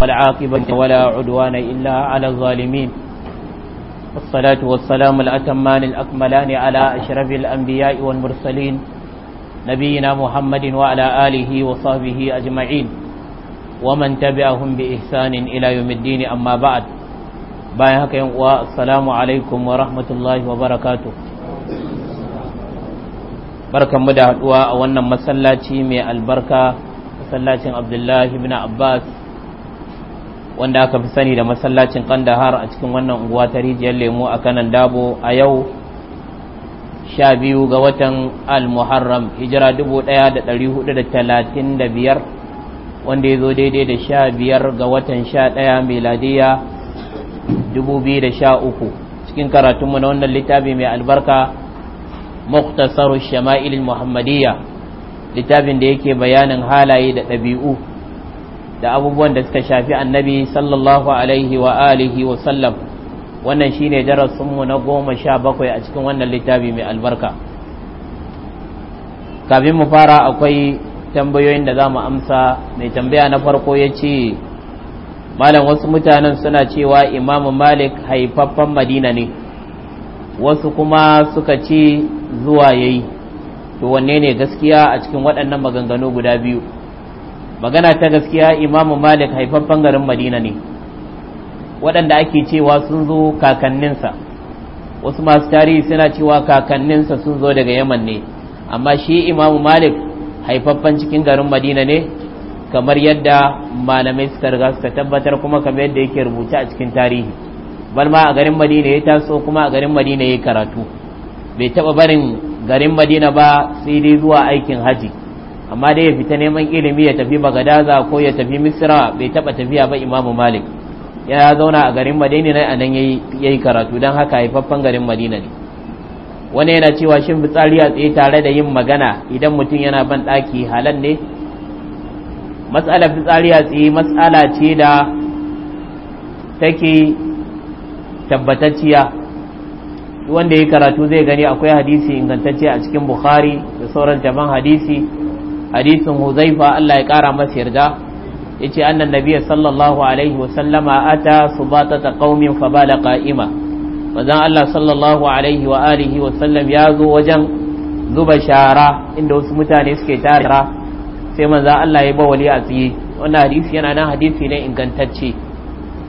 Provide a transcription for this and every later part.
والعاقبة ولا عدوان إلا على الظالمين والصلاة والسلام الأتمان الأكملان على أشرف الأنبياء والمرسلين نبينا محمد وعلى آله وصحبه أجمعين ومن تبعهم بإحسان إلى يوم الدين أما بعد بايهك والسلام عليكم ورحمة الله وبركاته barkan mu da haduwa a wannan masallaci mai albarka masallacin abdullahi ibn abbas wanda aka fi sani da masallacin kandahar a cikin wannan unguwa ta rijiyar lemo a kanan dabo a yau sha biyu ga watan al-muharram hijira biyar wanda ya zo daidai da sha biyar ga watan sha ɗaya meladiya uku cikin karatunmu na wannan littafi mai albarka muktasaru shama'il muhammadiyya littafin da yake bayanin halaye da ɗabi'u da abubuwan da suka shafi annabi sallallahu alaihi wa alihi wa sallam wannan shine darasin mu na goma sha bakwai a cikin wannan littafi mai albarka kafin mu fara akwai tambayoyin da zamu amsa mai tambaya na farko ya ce malam wasu mutanen suna cewa imam malik haifaffen madina ne wasu kuma suka ce zuwa yayi to wanne ne gaskiya a cikin waɗannan maganganu guda biyu magana ta gaskiya imamu malik haifaffen garin madina ne waɗanda ake cewa sun zo kakanninsa wasu masu tarihi suna cewa kakanninsa sun zo daga yaman ne amma shi imamu malik haifaffen cikin garin madina ne kamar yadda malamai suka riga suka tabbatar kuma kamar yadda yake rubuta a cikin tarihi bal ma a garin madina ya taso kuma a garin madina ya karatu bai taɓa barin garin madina ba sai dai zuwa aikin hajji. amma dai ya fita neman ilimi ya tafi bagadaza ko ya tafi misira bai taba tafiya ba imamu malik ya zauna a garin madina ne a nan ya yi karatu don haka haifaffen garin madina ne wani yana cewa shin fitsari a tsaye tare da yin magana idan mutum yana ban ɗaki halan ne matsalar fitsari a tsaye matsala ce da take tabbatacciya wanda ya karatu zai gani akwai hadisi ingantacce a cikin bukhari da sauran jaman hadisi hadisin huzaifa Allah ya kara masa yarda yace annan nabiyyi sallallahu alaihi wasallama ata ta qaumin fabala qa'ima wajen Allah sallallahu alaihi wa alihi wasallam ya zo wajen zuba shara inda wasu mutane suke tara sai manzo Allah ya ba wali a tsiye wannan hadisi yana nan hadisi ne ingantacce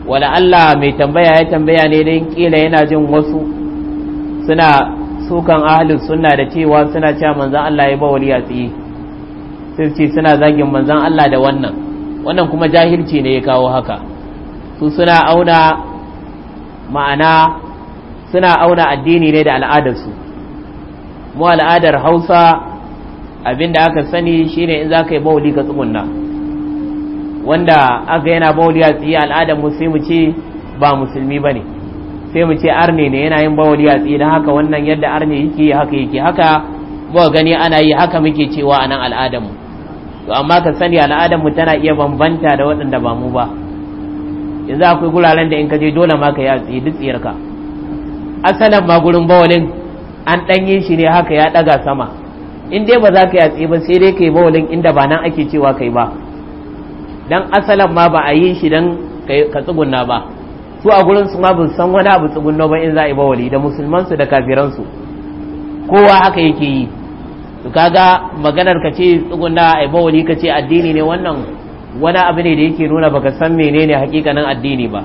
wala Allah mai tambaya ya tambaya ne dan kila yana jin wasu suna sukan ahlus sunna da cewa suna cewa manzo Allah ya ba wali a tsiye sai ce suna zagin manzan Allah da wannan wannan kuma jahilci ne ya kawo haka su suna auna ma'ana suna auna addini ne da al'adarsu mu al'adar hausa abinda aka sani shine in za ka yi bauli ka tsugunna wanda aka yana bauli a tsaye al'adar mu sai mu ce ba musulmi ba ne sai mu ce arne ne yana yin bauli a tsaye haka wannan yadda arne yake haka yake haka ba gani ana yi haka muke cewa a nan al'adarmu to amma ka sani al'adar mu tana iya bambanta da waɗanda ba mu ba yanzu akwai guraren da in ka je dole ma ka yi dutsiyar ka asalan ma gurin bawalin an ɗanye shi ne haka ya ɗaga sama in dai ba za ka yatsi ba sai dai ka yi bawalin inda ba nan ake cewa kai ba dan asalan ma ba a yi shi dan ka tsugunna ba su a gurin su ma ba san wani abu tsugunna ba in za a yi bawali da musulmansu da kafiransu kowa haka yake yi to kaga maganar ka ce tsuguna ai wani ka ce addini ne wannan wani abu ne da yake nuna baka san menene hakikanin addini ba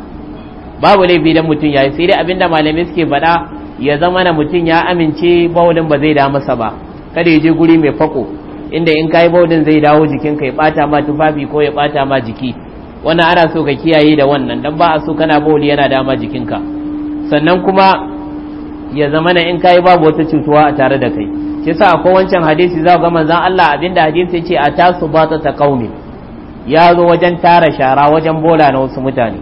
babu laifi dan mutum yayi sai dai abinda malamai suke faɗa ya zama na mutum ya amince bawalin ba zai da masa ba kada ya je guri mai fako inda in kai bawalin zai dawo jikinka ya bata ma tufafi ko ya bata ma jiki wannan ana so ka kiyaye da wannan dan ba a so kana bawali yana dama ka sannan kuma ya zama na in kai babu wata cutuwa a tare da kai shi yasa akwai wancan hadisi za ga manzon Allah abinda hadisi ce a tasu ba ta kaumi ya zo wajen tara shara wajen bola na wasu mutane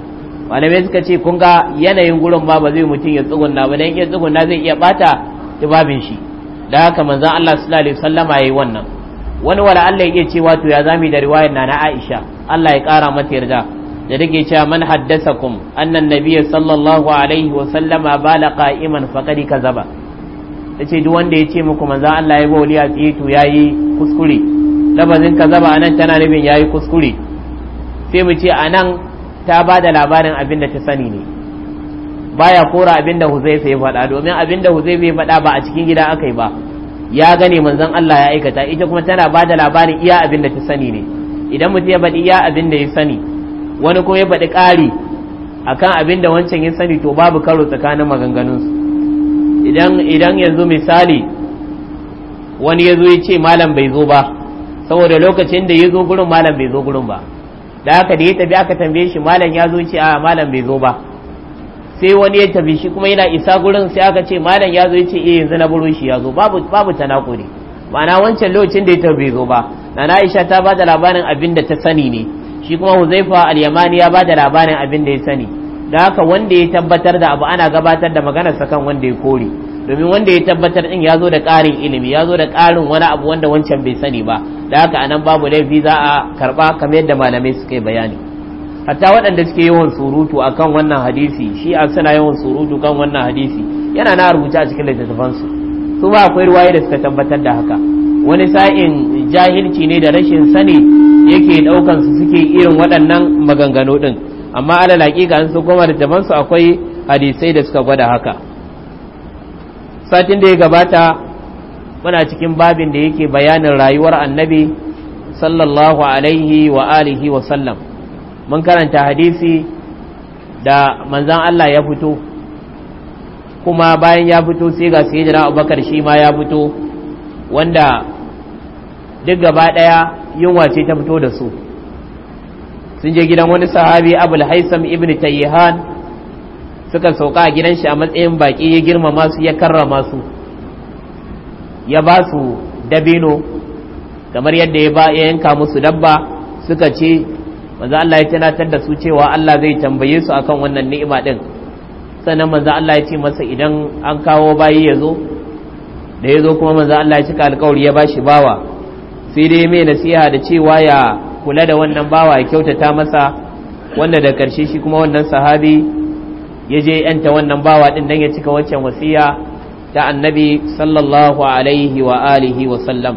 malamai suka ce kun ga yanayin gurin ba ba zai mutum ya tsugunna ba dan iya tsugunna zai iya bata tubabin shi da haka manzon Allah sallallahu alaihi wasallama yayi wannan wani wala Allah ya ce wato ya zami da riwayar na na Aisha Allah ya kara mata yarda da rage cewa man kum annan nabiyyi sallallahu alaihi wa sallama bala qa'iman kadi kazaba ce duk wanda ya ce muku manzo Allah ya bawli a tsitu yayi kuskure labarin kazaba anan tana nufin yayi kuskure sai mu ce anan ta ba da labarin abin da ta sani ne baya kora abin da Huzaifa ya faɗa domin abin da Huzaifa ya faɗa ba a cikin gida akai ba ya gane manzon Allah ya aikata ita kuma tana ba da labarin iya abin da ta sani ne idan mutum ya faɗi iya abin da ya sani wani kuma ya faɗi ƙari a kan abin da wancan ya sani to babu karo tsakanin maganganunsu idan idan yanzu misali wani ya zo ya ce malam bai zo ba saboda lokacin da ya zo gurin malam bai zo gurin ba da aka da ya tafi aka tambaye shi malam ya zo ce a malam bai zo ba sai wani ya tafi shi kuma yana isa gurin sai aka ce malam ya zo ya ce eh yanzu na buru shi ya zo babu babu tanakuri ma'ana wancan lokacin da ya tafi bai zo ba nana Aisha ta ba da labarin abin da ta sani ne shi kuma huzaifa al-yamani ya bada labarin abin da ya sani da haka wanda ya tabbatar da abu ana gabatar da maganar sa kan wanda ya kore domin wanda ya tabbatar din ya zo da ƙarin ilimi ya zo da ƙarin wani abu wanda wancan bai sani ba da haka anan babu laifi za a karba kamar yadda malamai suka yi bayani hatta waɗanda suke yawan surutu akan wannan hadisi shi a suna yawan surutu kan wannan hadisi yana na rubuta a cikin littattafansu su ba akwai ruwaye da suka tabbatar da haka wani sa'in jahilci ne da rashin sani yake daukan su suke irin waɗannan maganganu din amma alal laƙiƙa an su da jamansu akwai hadisai da suka gwada haka satin da ya gabata muna cikin babin da yake bayanin rayuwar annabi sallallahu alaihi wa alihi wa sallam mun karanta hadisi da manzan Allah ya fito kuma bayan ya fito sai ga sayyidina Abubakar shi ma ya fito wanda duk gaba ɗaya yunwa ce ta fito da su sun je gidan wani sahabi abul haisam ibn tayyihan suka sauka a gidan shi a matsayin baki ya girmama su ya karrama su ya ba su dabino kamar yadda ya ba ya yanka musu dabba suka ce manzo Allah ya tunatar da su cewa Allah zai tambaye su akan wannan ni'ima din sannan manzo Allah ya ce masa idan an kawo bayi ya zo da ya zo kuma manzo Allah ya cika alƙawari ya bashi bawa sai dai mai nasiha da cewa ya kula da wannan bawa ya kyautata masa wanda da karshe shi kuma wannan sahabi ya je yanta wannan bawa din dan ya cika waccan wasiya ta annabi sallallahu alaihi wa alihi wa sallam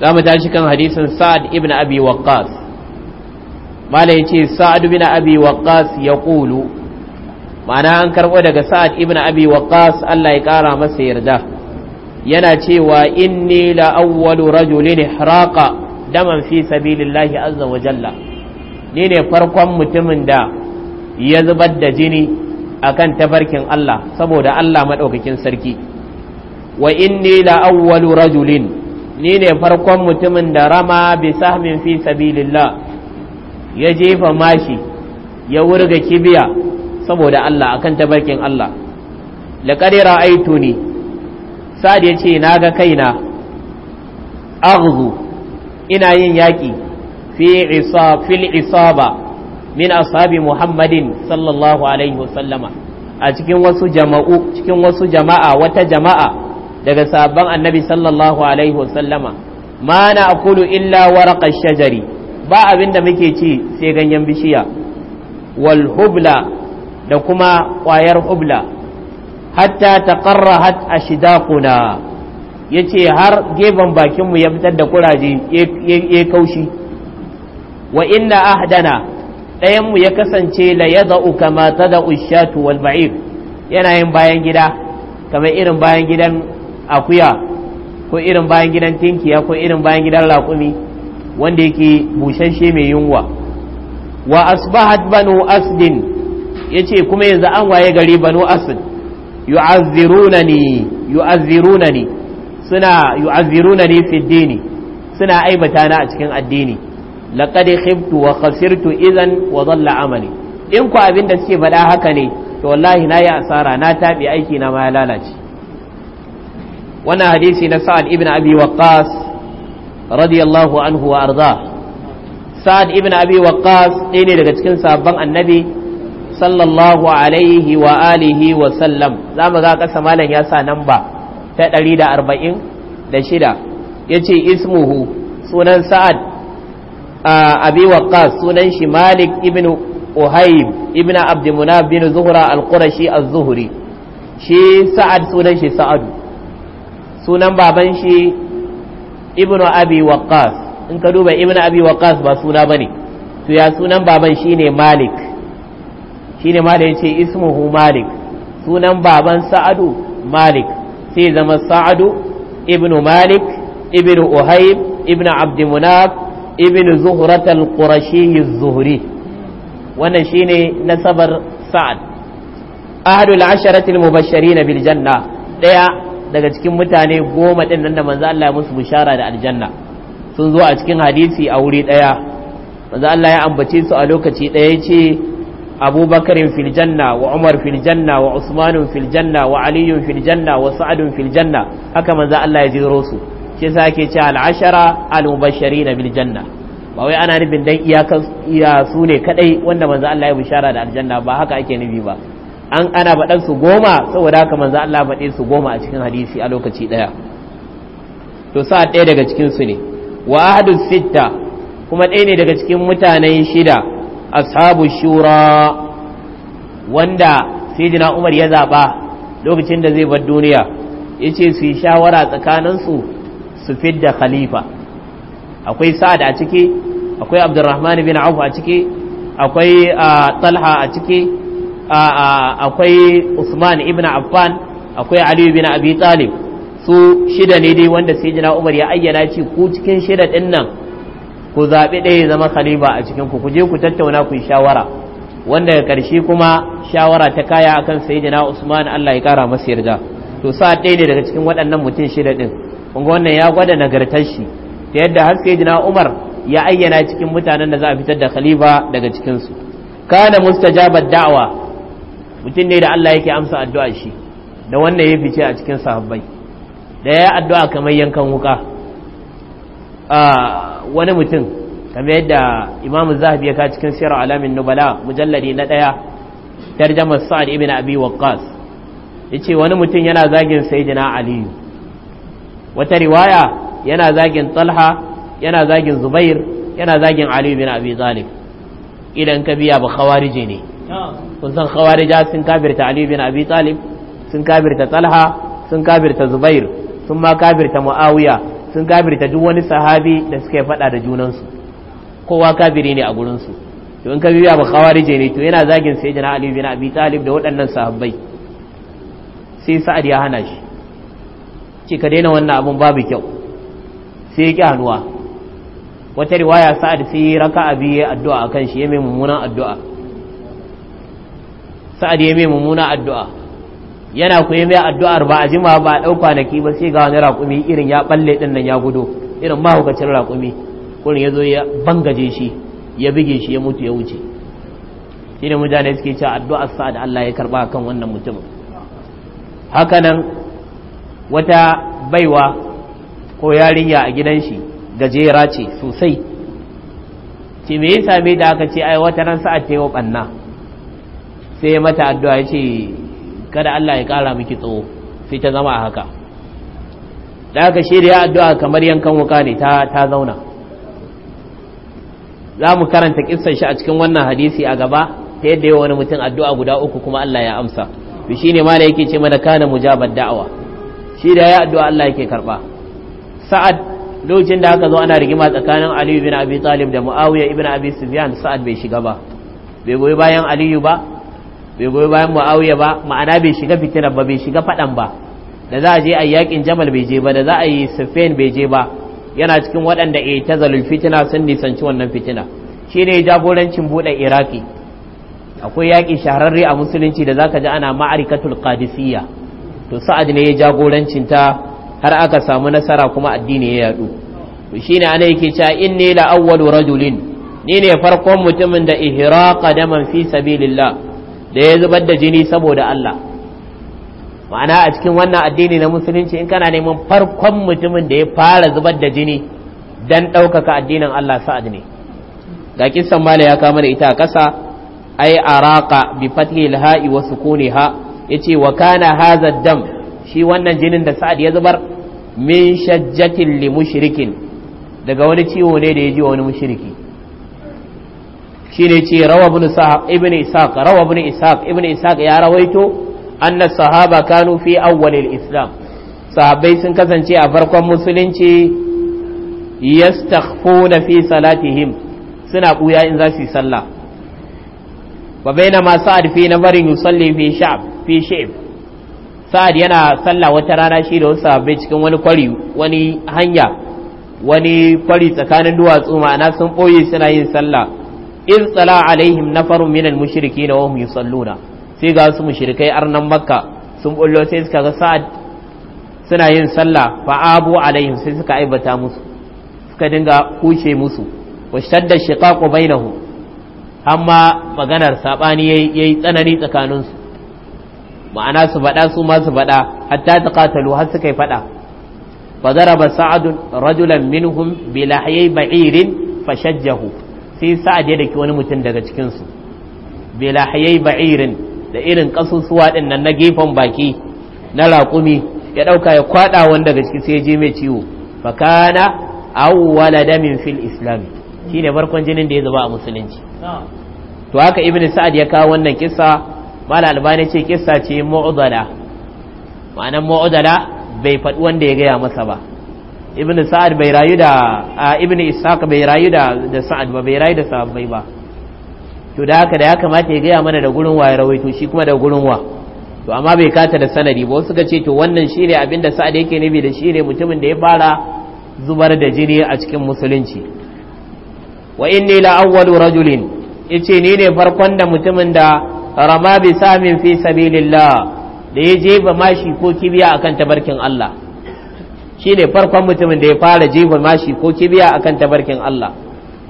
za mu tashi kan hadisin sa'ad ibn abi waqqas mala yace sa'ad ibn abi waqqas kulu. ma'ana an karbo daga sa'ad ibn abi waqqas Allah ya kara masa yarda yana cewa inni la awwalu rajulin ihraqa daman fi sabilillahi azza wa jalla ni ne farkon mutumin da ya zubar da jini akan tabarkin Allah saboda Allah madaukakin sarki wa inni la awwalu rajulin ni ne farkon mutumin da rama bi sahmin fi sabilillah ya jefa mashi ya wurga kibiya saboda Allah akan tabarkin Allah laqad ra'aytuni sa'ad ya ce na ga kaina aghzu ina yin yaƙi fi fil isaba min ashabi muhammadin sallallahu alaihi wasallama a cikin wasu jama'u cikin wasu jama'a wata jama'a daga sabon annabi sallallahu alaihi wasallama ma na akulu illa waraqash shajari ba abin da muke ci sai ganyen bishiya wal hubla da kuma ƙwayar hubla hatta taqarrahat ashdaquna yace har geban bakinmu ya fitar da kuraje ya kaushi wa inna ahdana ɗayanmu ya kasance la yada'u kama tada'u shatu wal ba'ir yana yin bayan gida kamar irin bayan gidan akuya ko irin bayan gidan tinkiya ko irin bayan gidan laƙumi, wanda yake bushashe mai yunwa wa asbahat banu asdin yace kuma yanzu an waye gari banu asd yu'azzirunani yu'azzirunani suna yu'azzirunani fi dini suna aibata na a cikin addini laqad khiftu wa khasirtu idan wa dhalla amali in ku abin da suke faɗa haka ne to wallahi na yi asara na taɓi aiki na ma ya lalace wannan hadisi na sa'ad ibn abi waqqas radiyallahu anhu wa arda sa'ad ibn abi waqqas ɗaya ne daga cikin sabon annabi sallallahu alaihi wa alihi wa sallam za mu ga ƙasa malam ya sa namba ta 146 ya ce ismuhu sunan sa'ad abi waqqas sunan shi malik ibn uhayb ibn abdimuna bin zuhra al-qurashi az-zuhri shi sa'ad sunan shi sa'ad sunan baban shi ibn abi waqqas in ka duba ibn abi waqqas ba suna bane to ya sunan baban shine malik shine ma da yace ismuhu malik sunan baban sa'adu malik sai zama sa'adu ibnu malik ibnu uhaib ibnu abd munaf ibnu zuhrat al-qurashi az-zuhri shine nasabar sa'ad ahadu al-asharati na biljanna ɗaya daya daga cikin mutane goma din nan da manzo Allah ya musu bishara da aljanna sun zo a cikin hadisi a wuri ɗaya. manzo Allah ya ambace su a lokaci ɗaya yace abubakarin filjanna wa umar filjanna wa usmanun filjanna wa aliyun filjanna wa sa'adun filjanna haka manzo Allah ya jiro su shi yasa ake cewa al'ashara al-mubashirin bil janna ba wai ana nufin dan iyakan iya su ne kadai wanda manzo Allah ya bishara da aljanna ba haka ake nufi ba an ana faɗan su goma saboda haka manzo Allah faɗe su goma a cikin hadisi a lokaci daya to sa daya daga cikin su ne wa ahadu sitta kuma ɗaya ne daga cikin mutanen shida ashabu shura wanda sayyidina umar ya zaba lokacin da zai bar duniya yace su yi shawara tsakanin su fidda khalifa akwai sa'ad a ciki akwai abdurrahman bin auf a ciki akwai talha a ciki akwai usman ibn affan akwai ali bin abi talib su shida ne dai wanda sayyidina umar ya ayyana ci ku cikin shida din nan ku zaɓi ɗaya zama khalifa a cikin ku kuje je ku tattauna ku yi shawara wanda ga ƙarshe kuma shawara ta kaya akan sayyidina Usman Allah ya ƙara masa yarda to sa ɗaya ne daga cikin waɗannan mutum shida ɗin kun wannan ya gwada nagartar shi ta yadda har sayyidina Umar ya ayyana cikin mutanen da za a fitar da khalifa daga cikin su kana mustajabat da'wa mutum ne da Allah yake amsa addu'a shi da wannan ya fice a cikin sahabbai da ya addu'a kamar yankan wuka wani mutum kamar yadda imamu zahabi ya ka cikin sirar alamin nubala mujalladi na ɗaya tarjamar sa'ad ibn abi waqqas yace wani mutum yana zagin sayyidina aliyu wata riwaya yana zagin talha yana zagin zubair yana zagin aliyu bin abi idan ka biya ba khawarije ne kun san khawarija sun kafirta aliyu bin abi sun kafirta talha sun kabirta zubair sun ma kafirta muawiya sun gabirta duk wani sahabi da suka faɗa da junansu kowa kafiri ne a gurinsu to in ka biya ba khawarije ne to yana zagin sai jana ali bin abi talib da waɗannan sahabbai sai sa'ad ya hana shi ce ka daina wannan abun babu kyau sai ya ki hannuwa wata riwaya sa'ad sai raka abi ya addu'a akan shi ya mai mummunan addu'a sa'ad ya mai mummunan addu'a yana koyi mai addu'ar ba a jima ba a ɗau na ba sai ga wani raƙumi irin ya ɓalle ɗin nan ya gudu irin mahaukacin raƙumi kurin ya zo ya bangaje shi ya bige shi ya mutu ya wuce shi ne mutane suke cewa addu'ar sa da Allah ya karɓa kan wannan mutumin hakanan wata baiwa ko yarinya a gidan shi gajera ce sosai ce me yi same da aka ce ai wata ran sa'a ta yi wa ɓanna sai mata addu'a ya ce kada Allah ya kara miki tsawo sai ta zama a haka da aka shirya addu'a kamar yankan wuka ne ta zauna za mu karanta kissan shi a cikin wannan hadisi a gaba ta yadda yawa wani mutum addu'a guda uku kuma Allah ya amsa to shine ma da yake ce mana kana mujabar da'awa shi da ya addu'a Allah yake karba sa'ad lokacin da aka zo ana rigima tsakanin Aliyu bin Abi Talib da Muawiya ibn Abi Sufyan sa'ad bai shiga ba bai goyi bayan Aliyu ba bai goyi bayan muawiya ba ma'ana bai shiga fitinar ba bai shiga fadan ba da za a je a yakin jamal bai je ba da za a yi sufain bai je ba yana cikin waɗanda a ta fitina sun nisanci wannan fitina shi ne jagorancin buɗe iraki akwai yaƙi shahararre a musulunci da zaka ji ana ma'arikatul qadisiyya to sa'ad ne ya jagorancin ta har aka samu nasara kuma addini ya yadu shi ne ana yake cewa inni la awwalu rajulin ni ne farkon mutumin da ihraqa daman fi sabilillah da ya zubar da jini saboda Allah ma'ana a cikin wannan addini na musulunci in kana neman farkon mutumin da ya fara zubar da jini dan ɗaukaka addinin Allah sa'ad ne ga kisan mala ya kama da ita a ƙasa ai araka bi fathi alha'i wa sukuniha yace wa kana hadha dam shi wannan jinin da sa'ad ya zubar min shajjatin li mushrikin daga wani ciwo ne da ya ji wani mushriki Shi shine ce rawa ibn sa'ab ibn isaq rawa ibn isaq ibn isaq ya rawaito anna sahaba kanu fi awwalil islam sahabbai sun kasance a farkon musulunci yastaghfuna fi salatihim suna kuya in za su yi sallah wa ma sa'ad fi nabarin yusalli fi sha'b fi sha'b sa'ad yana sallah wata rana shi da wasu sahabbai cikin wani kwari wani hanya wani kwari tsakanin duwatsu ma'ana sun boye suna yin sallah in tsala alaihim nafarun minal mushiriki na wahum yusalluna sai ga su mushrikai arnan makka sun bullo sai suka ga sa'ad suna yin sallah fa abu alaihim sai suka aibata musu suka dinga kushe musu wa shadda shiqaqu bainahum amma maganar sabani yayi yayi tsanani tsakanin su ma'ana su faɗa su ma su faɗa hatta taqatalu har suka yi faɗa fa daraba sa'ad rajulan minhum bi lahyai ba'irin fashajjahu sai sa'ad ya daki wani mutum daga cikinsu bela hayai ba'irin da irin kasusuwa ɗin na gefen baki na raƙumi ya ɗauka ya kwaɗa wani daga ciki sai je mai ciwo fakana awwala damin fil islam ne barkon jinin da ya zaba a musulunci to haka ibn sa'ad ya kawo wannan kissa mala albani ce kisa ce mu'dala ma'anan mu'dala bai faɗi wanda ya gaya masa ba ibn sa'ad bai rayu da ibn ishaq bai rayu da da sa'ad ba bai rayu da sahabbai ba to da haka da ya kamata ya gaya mana da gurin wa ya rawaito shi kuma da gurin wa to amma bai kata da sanadi ba suka ce to wannan shine abin da sa'ad yake nabi da shine mutumin da ya fara zubar da jini a cikin musulunci wa inni la awwalu rajulin yace ni ne farkon da mutumin da rama bi samin fi sabilillah da ya jefa mashi ko kibiya akan tabarkin Allah Shi ne farkon mutumin da ya fara jifar mashi ko kibiya akan tabarkin Allah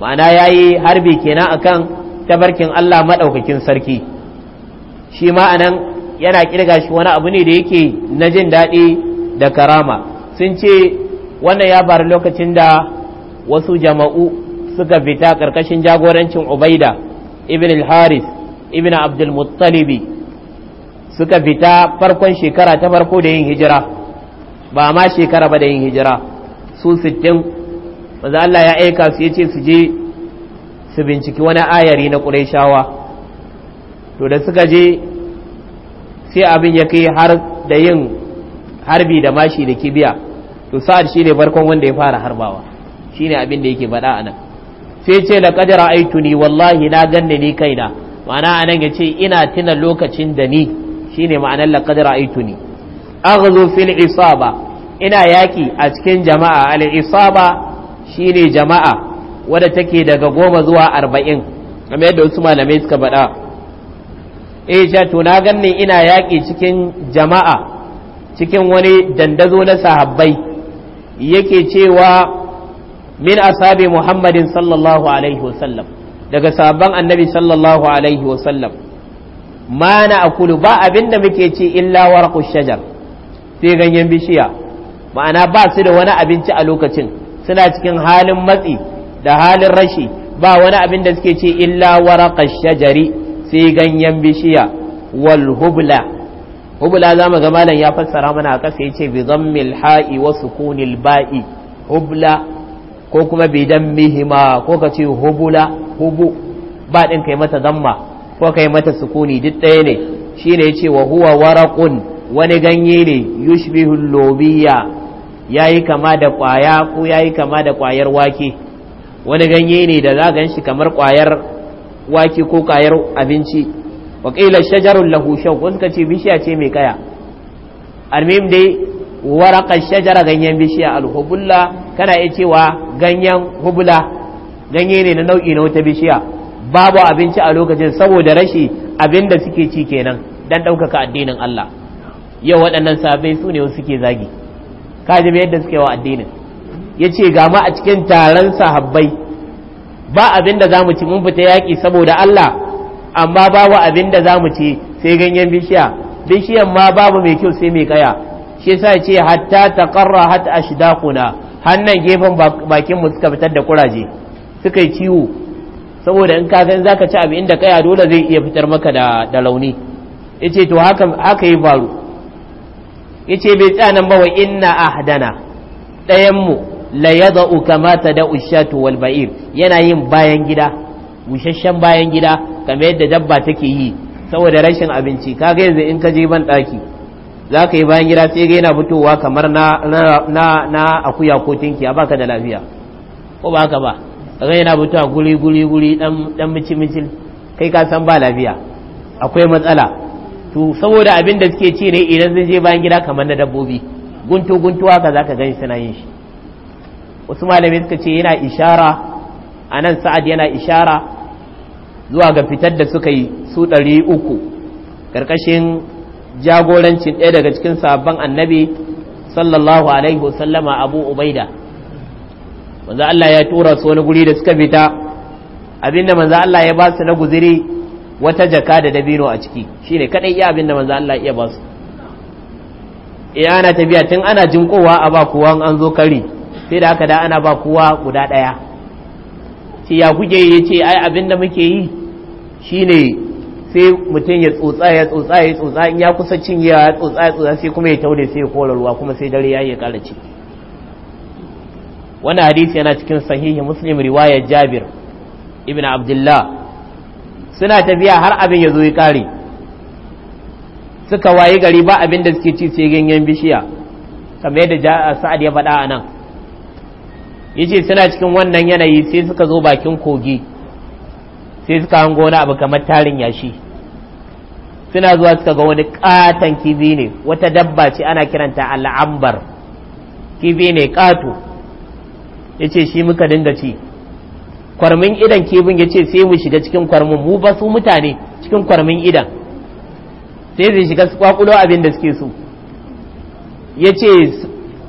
ma'ana ya yi harbi kenan akan tabarkin Allah maɗaukakin sarki shi ma'anan yana ƙirga shi wani abu ne da yake na jin daɗi da karama sun ce wannan ya faru lokacin da wasu jama'u suka fita ƙarƙashin jagorancin ubaida ibn al-haris ibn abdulmuttalibi suka fita farkon shekara ta farko da yin hijira ba ma shekara ba da yin hijira su sittin maza Allah ya aika su yace ce su je su binciki wani ayari na ƙuraishawa to da suka je sai abin ya kai har da yin harbi da mashi da kibiya to sa'ad shi ne barkon wanda ya fara harbawa shi ne abin da yake faɗa a nan sai ce da ƙadira aituni wallahi na ganne ni kaina ma'ana a nan ya ce ina tuna lokacin da ni shi ne ma'anar la ƙadira aituni aghzu fil isaba ina yaki a cikin jama'a al'isaba shine jama'a wadda take daga goma zuwa arba'in game yadda wasu malamai suka faɗa isha eh, to na ganni ina yaki cikin jama'a cikin wani dandazo na sahabbai yake cewa min asabi muhammadin sallallahu alaihi wasallam daga sahabban annabi sallallahu alaihi wasallam ma na akulu ba abinda muke ci illa warqu shajar sai ganyen bishiya ma'ana ba su da wani abinci a lokacin suna cikin halin matsi da halin rashi ba wani abin da suke ce illa waraka shajari sai ganyen bishiya wal hubla hubla mu ga malam ya fassara mana a kasa yace bi dhammil ha'i wa sukunil ba'i hubla ko kuma bi dammihima ko ce hubula hubu ba din kai mata damma ko kai mata sukuni duk ɗaya ne shine yace wa huwa waraqun wani ganye ne yushbihul lobiya ya yi kama da ƙwaya ko ya yi kama da ƙwayar wake wani ganye ne da za gan shi kamar ƙwayar wake ko ƙwayar abinci wakilar shajarun lahushau ko suka ce bishiya ce mai kaya almim dai warakar shajara ganyen bishiya alhubulla kana iya cewa ganyen hubula ganye ne na nau'i na wata bishiya babu abinci a lokacin saboda rashi abin da suke ci kenan don ɗaukaka addinin Allah yau waɗannan sabai su ne suke zagi ka yadda suke wa addinin yace ga mu a cikin taron sahabbai ba abin da zamu ci mun fita yaki saboda Allah amma babu abin da zamu ci sai ganyen bishiya bishiyan ma babu mai kyau sai mai kaya shi yasa yace hatta taqarra hat ashdaquna hannan gefen bakin mu suka fitar da kuraje suka yi ciwo saboda in ka san zaka ci abin da kaya dole zai iya fitar maka da da launi yace to haka haka yi faru yace bai tsanan ba wa inna ahdana dayan mu la yadau kama da wal ba'ir yana yin bayan gida wushashen bayan gida kamar yadda dabba take yi saboda rashin abinci kaga yanzu in ka je ban daki zaka yi bayan gida sai ga yana fitowa kamar na na akuya ko tinki a baka da lafiya ko ba ka ba kaga yana fitowa guri guri guri dan dan mici kai ka san ba lafiya akwai matsala to saboda abin da suke ci ne idan zai je bayan gida kamar na dabbobi guntu guntuwa ka zaka gani suna yin shi wasu malamai suka ce yana ishara anan sa'ad yana ishara zuwa ga fitar da suka yi su ɗari uku ƙarƙashin jagorancin ɗaya daga cikin sabon annabi sallallahu alaihi wasallama abu ubaida manzo Allah ya tura su wani guri da suka fita abinda manzo Allah ya ba su na guziri wata jaka da dabino a ciki shi ne kaɗai iya abin da Allah iya ba su iya ana tafiya tun ana jinkowa a ba kowa an zo kari sai da aka da ana ba kowa guda ɗaya. shi ya guge ya ce ai abin da muke yi shi ne sai mutum ya tsotsa ya tsotsa ya tsotsa in ya kusa cinyewa ya tsotsa ya tsotsa sai kuma ya taune sai ya kora ruwa kuma sai dare ya yi kara ci wani hadisi yana cikin sahihi muslim riwayar jabir ibn abdullah suna tafiya har abin ya zo ya kare suka wayi gari ba abin da suke ci sai ganyen bishiya kamar yadda uh, sa'ad ya faɗa a nan yace suna cikin wannan yanayi sai suka zo bakin kogi sai suka hango wani abu kamar tarin yashi suna zuwa suka ga wani katon kibi ne wata dabba ce ana kiranta al'ambar kibi ne kato yace shi muka dinga ci kwarmin idan kifin ya ce sai mu shiga cikin kwarmin mu ba su mutane cikin kwarmin idan sai zai shiga kwakulo abin da suke so ya ce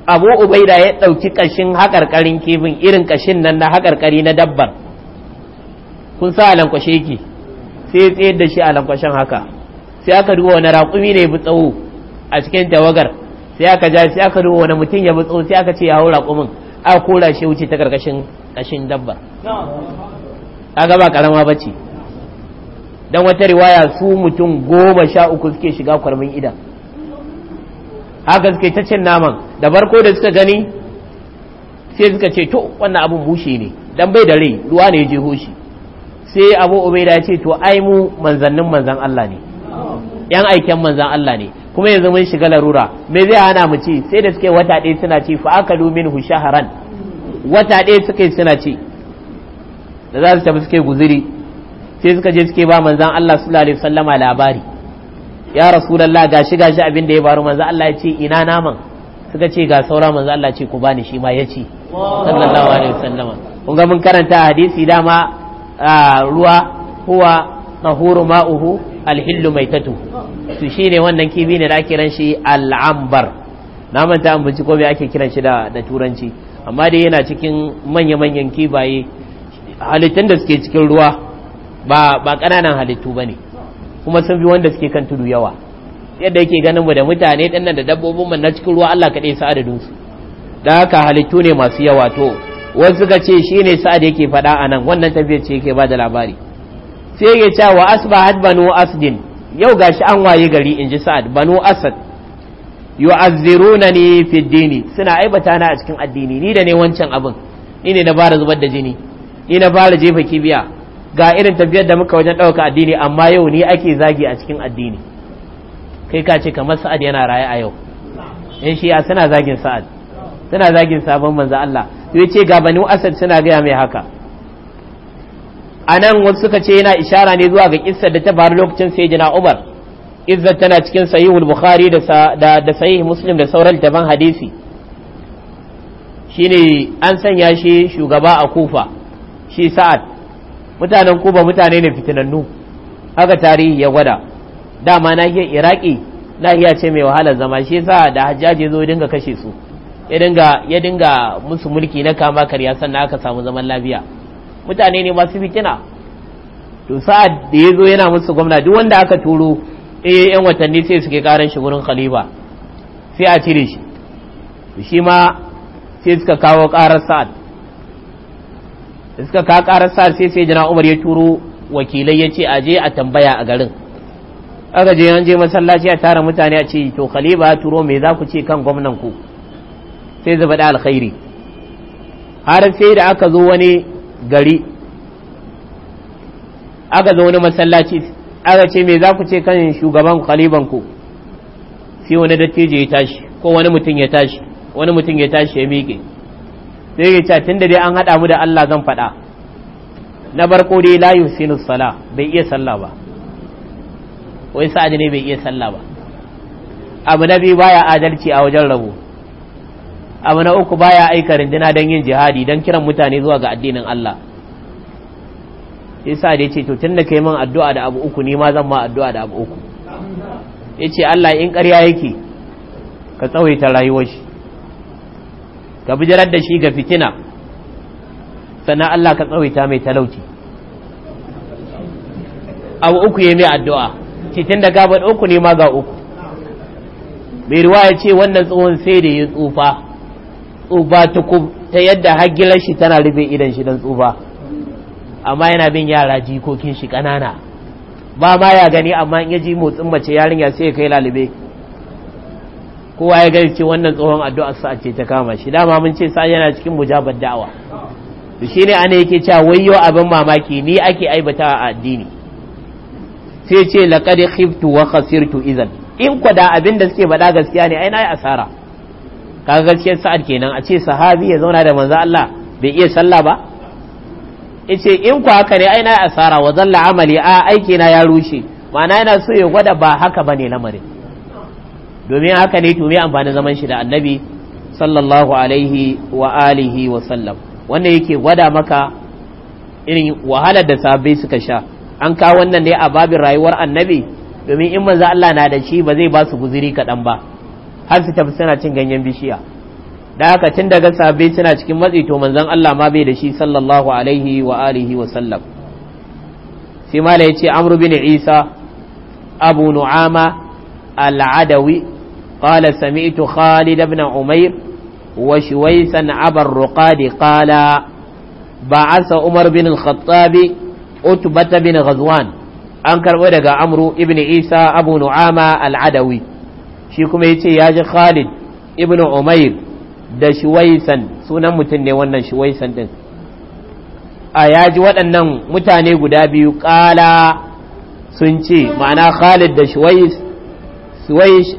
abu ubaida ya ɗauki ƙashin haƙarƙarin kifin irin ƙashin nan na haƙarƙari na dabbar kun sa alankwashe ki sai ya tsayar da shi alankwashen haka sai aka duba wani raƙumi ne bi tsawo a cikin tawagar sai aka ja sai aka duba wani mutum ya bi tsawo sai aka ce ya hau raƙumin aka kora shi wuce ta ƙarƙashin kashin dabba kaga ba karama bace dan wata riwaya su mutum goma sha uku suke shiga kwarmin idan haka suke ta cin naman da barko da suka gani sai suka ce to wannan abun bushe ne dan bai da rai ruwa ne ya hoshi sai abu ubaida ya ce to ai mu manzannin manzan Allah ne yan aiken manzan Allah ne kuma yanzu mun shiga larura me zai hana mu ce sai da suke wata ɗaya suna ce fa aka lumin hushaharan wata ɗaya suka yi suna ce da za su tafi suke guziri sai suka je suke ba manzan Allah sallallahu alaihi wasallama labari ya rasulullah gashi gashi abin da ya faru manzan Allah ya ce ina naman suka ce ga saura manzan Allah ce ku bani shi ma ya ce sallallahu alaihi wasallama kun ga mun karanta hadisi dama ruwa huwa tahuru ma'uhu alhillu maitatu to shine wannan kibi ne da ake ran shi al'ambar na manta an binciko me ake kiran shi da turanci amma dai yana cikin manya-manyan kibaye halittun da suke cikin ruwa ba ƙananan halittu ba ne kuma sun fi wanda suke kan tudu yawa yadda yake ganin mu da mutane ɗannan da dabbobin mu na cikin ruwa Allah kaɗai sa adadin su da haka halittu ne masu yawa to wasu suka ce shine sa'ad yake faɗa a nan wannan tafiyar ce yake ba da labari sai ya cewa wa asbahat banu asdin yau gashi an waye gari in ji sa'ad banu asad ni fi dini suna aibata na a cikin addini ni da ne wancan abin ni ne na fara zubar da jini ni na fara jefa kibiya ga irin tafiyar da muka wajen ɗauka addini amma yau ni ake zagi a cikin addini kai ka ce kamar sa'ad yana raye a yau in shi'a suna zagin sa'ad suna zagin sabon manzo Allah yau ce ga banu asad suna gaya mai haka a nan wasu suka ce yana ishara ne zuwa ga kissar da ta faru lokacin sai jina umar izzat tana cikin sahihul bukhari da da sahih muslim da sauran littafan hadisi shine an sanya shi shugaba a kufa shi sa'ad mutanen kuba mutane ne fitinannu haka tarihi ya gwada dama nahiyar iraki nahiya ce mai wahalar zama shi sa da hajjaji zo dinga kashe su ya dinga ya dinga musu mulki na kama karya sannan aka samu zaman lafiya mutane ne masu fitina to sa'ad da ya zo yana musu gwamna duk wanda aka turo eh yan watanni sai suke karan shi wurin khalifa sai a cire shi shi ma sai suka kawo karar sa'ad suka kawo karar sa'ad sai sai jana umar ya turo wakilai ya ce aje a tambaya a garin aka je an je masallaci a tara mutane a ce to khalifa ya turo me za ku ce kan gwamnan ku sai zuba da alkhairi har sai da aka zo wani gari aka zo wani masallaci aka ce me za ku ce kan shugaban ku? sai wani dattijo ya tashi ko wani mutum ya tashi wani mutum ya tashi ya miƙe sai ya ce tun dai an haɗa mu da Allah zan faɗa na barko dai la yusinu sala bai iya sallah ba wai sa'ad ne bai iya sallah ba abu na biyu baya adalci a wajen rabo abu na uku baya aika rindina don yin jihadi don kiran mutane zuwa ga addinin Allah yasa da yace to tunda kai min addu'a da abu uku ni ma zan ma addu'a da abu uku yace Allah in ƙarya yake ka tsawaita rayuwar shi ka bijirar da shi ga fitina sannan Allah ka tsawaita mai talauci abu uku ya mai addu'a ce tun da gaban uku ne ma ga uku mai ruwa ya ce wannan tsohon sai da ya tsufa tsufa ta yadda hagilar shi tana rufe idan shi don tsufa amma yana bin yara jikokin shi ƙanana ba ma ya gani amma in ya ji motsin mace yarinya sai ya kai lalube kowa ya gani ce wannan tsohon addu'ar sa ce ta kama shi dama mun ce sa yana cikin mujabar da'awa to shine ana yake cewa wayyo abin mamaki ni ake aibata a addini sai ce laqad khiftu wa khasirtu idan in ku da abin da suke baɗa gaskiya ne ai yi asara kaga gaskiyar sa'ad kenan a ce sahabi ya zauna da manzo Allah bai iya sallah ba yace in ku haka ne ai asara wa zalla amali a aiki na ya rushe ma'ana yana so ya gwada ba haka bane lamarin domin haka ne to me amfani zaman shi da annabi sallallahu alaihi wa alihi wa sallam wannan yake gwada maka irin wahalar da safe suka sha an kawo wannan ne a babin rayuwar annabi domin in manzo Allah na da shi ba zai ba su guziri kaɗan ba har su tafi suna cin ganyen bishiya da aka tun daga sabe suna cikin matsi to manzon Allah ma bai da shi sallallahu alaihi wa alihi wa sallam sai mala yace amru bin isa abu nu'ama al-adawi qala sami'tu khalid ibn umair wa shuwaisan abar ruqadi qala ba'asa umar bin al-khattab utbata bin ghazwan an karbo daga amru ibn isa abu nu'ama al-adawi shi kuma yace ya ji khalid ibn umair da shuwaisan sunan mutum ne wannan shuwaisan din a ya ji waɗannan mutane guda biyu ƙala sun ce ma'ana khalid da shuwais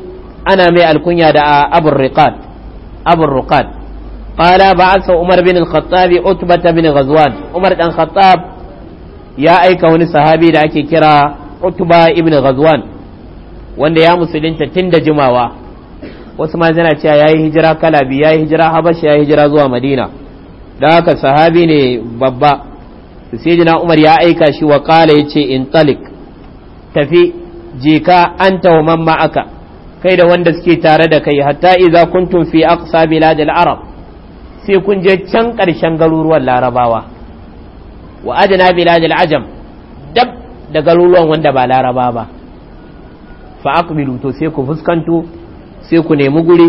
ana mai alkunya da abin riqat abin ƙala ba a sa umar bin al-khattabi utbata bin ghazwan umar dan khattab ya aika wani sahabi da ake kira utba ibn ghazwan wanda ya musulunta tun da jimawa wasu ma yana cewa yayi hijira kala biyu yayi hijira habasha yayi hijira zuwa madina da haka sahabi ne babba sayyidina umar ya aika shi wa qala yace in talik tafi jika anta wa man ma'aka kai da wanda suke tare da kai hatta idza kuntum fi aqsa biladil arab sai kun je can karshen garuruwan larabawa wa adna biladil ajam dab da garuruwan wanda ba laraba ba fa aqbilu to sai ku fuskanto sai ku nemi guri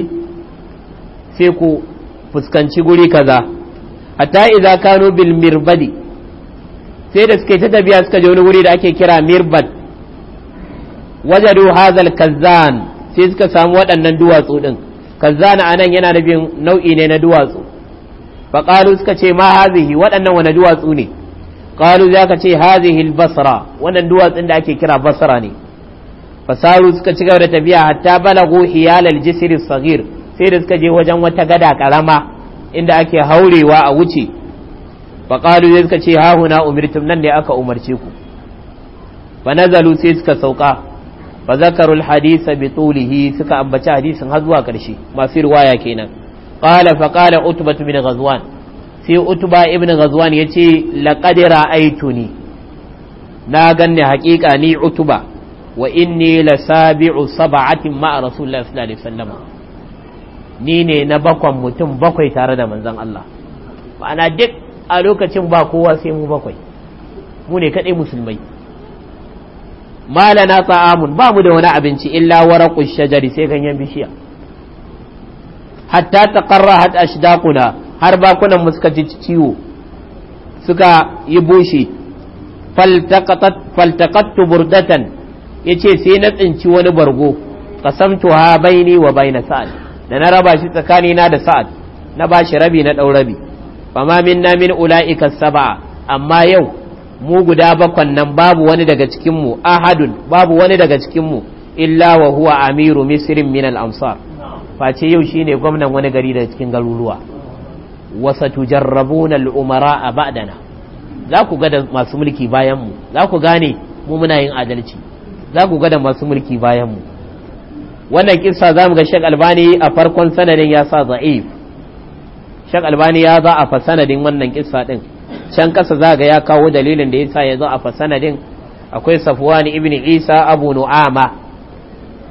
sai ku fuskanci guri kaza hatta idza kanu bil mirbadi sai da suka yi ta tafiya suka je wani guri da ake kira mirbad wajadu hazal kazzan sai suka samu waɗannan duwatsu din kazzan nan yana bin nau'i ne na duwatsu faƙalu suka ce ma hazihi waɗannan wani duwatsu ne ƙalu za ka ce hazihi basra wannan duwatsun da ake kira basra ne fasaru suka ci gaba da tafiya hatta balagu hiyalal jisri saghir sai da suka je wajen wata gada karama inda ake haurewa a wuce fa qalu sai suka ce ha huna umirtum nan ne aka umarce ku fa nazalu sai suka sauka fa zakaru al hadisa bi tulihi suka ambaci hadisin har zuwa karshe masu riwaya kenan qala fa qala utba min ghazwan sai utba ibn ghazwan yace laqad ra'aytuni na ganni hakika ni utuba wa inni la sabi'u sab'atin ma'a rasulullahi sallallahu alaihi wasallam ni ne na bakwan mutum bakwai tare da manzon Allah ma'ana duk a lokacin ba kowa sai mu bakwai mu ne kadai musulmai malana ta'amun ba mu da wani abinci illa waraqu shajari sai ganyen bishiya hatta taqarrahat ashdaquna har bakunan mu suka ji ciwo suka yi bushe faltaqat faltaqat burdatan ya ce sai na tsinci wani bargo kasamtu ha baini wa baina sa'ad da na raba shi na da sa'ad na ba shi rabi na ɗau rabi fama minna min ula'ika saba'a amma yau mu guda bakwan nan babu wani daga cikinmu ahadun babu wani daga cikinmu illa wa huwa amiru misirin min Amsa. face yau shine gwamnan wani gari daga cikin garuruwa wasa tujarrabuna al'umara a ba'dana za ku ga da masu mulki bayanmu za ku gane mu muna yin adalci za ku gada masu mulki bayan mu wannan kissa za mu ga shek albani a farkon sanadin ya sa za'if shek albani ya za a fa sanadin wannan kisa din can kasa za ga ya kawo dalilin da yasa ya za a fa sanadin akwai safwan ibn isa abu nu'ama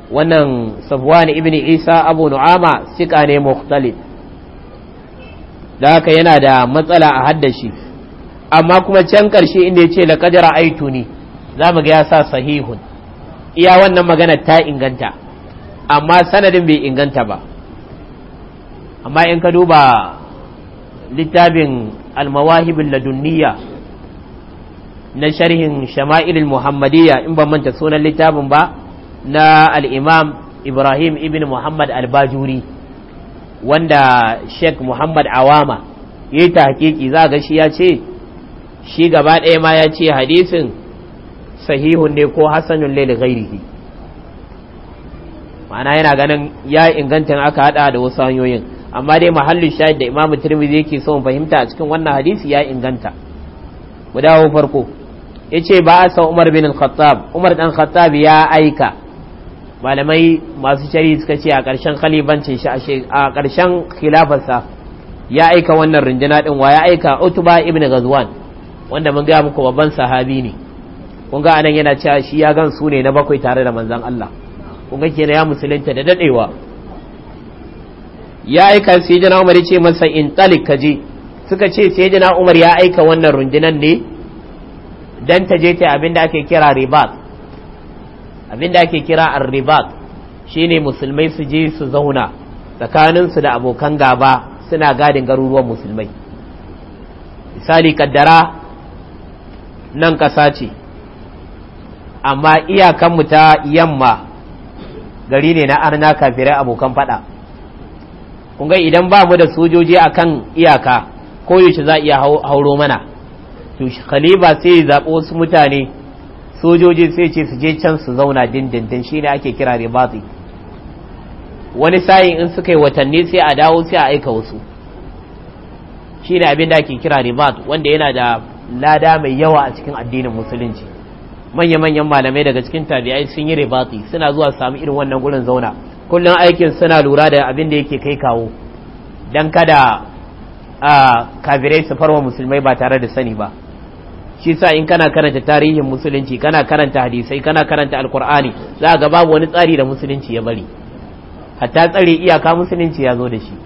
wannan safwan ibn isa abu nu'ama sika ne mukhtalif da haka yana da matsala a haddashi amma kuma can karshe inda ya ce laqad ra'aytuni za mu ga ya sa sahihun iya wannan magana ta inganta amma sanadin bai inganta ba amma in ka duba littafin almawahibin ladunniya na sharhin shama'ilin muhammadiyya in ban manta sunan littafin ba na al'imam ibrahim ibn muhammad albajuri wanda sheikh muhammad awama ya yi ta hakiki za ga shi ya ce shi gaba ɗaya ma ya ce hadisin sahihun ne ko hasanun lil ne ma'ana yana ganin ya inganta aka hada da wasu hanyoyin amma dai mahallin shahid da imamu tirmidhi yake so fahimta a cikin wannan hadisi ya inganta mu dawo farko ya ce ba a san Umar bin Khattab Umar dan Khattab ya aika malamai masu shari'a suka ce a ƙarshen khalifancin shi a ƙarshen khilafarsa ya aika wannan runduna din wa ya aika Utuba ibn Ghazwan wanda mun gaya muku babban sahabi ne kun ga anan yana cewa shi ya gan su ne na bakwai tare da manzan Allah kun ga kenan ya musulunta da dadewa ya aika sai jana Umar ya ce masa in talik kaje suka ce sai jana Umar ya aika wannan rundunan ne dan ta je ta abin da ake kira ribat abin da ake kira ar-ribat shine musulmai su je su zauna tsakaninsu da abokan gaba suna gadin garuruwan musulmai misali kaddara nan ƙasa ce amma iyakanmu ta yamma gari ne na arna kafirai abokan fada kunga idan ba mu da sojoji akan iyaka ko yaushe za iya hauro mana to khalifa sai ya zaɓi wasu mutane sojoji sai ce su je can su zauna dindindin shine ake kira ribati wani sayin in suka yi watanni sai a dawo sai a aika wasu shi ne abin da ake kira ribat wanda yana da lada mai yawa a cikin addinin musulunci manya-manyan malamai daga cikin tabi'ai sun yi ribati suna zuwa samu irin wannan gurin zauna kullum aikin suna lura da abin da yake kai kawo don kada a kafirai su farwa musulmai ba tare da sani ba shi sa in kana karanta tarihin musulunci kana karanta hadisai kana karanta alkur'ani za ga babu wani tsari da musulunci ya bari hatta tsare iyaka musulunci ya zo da shi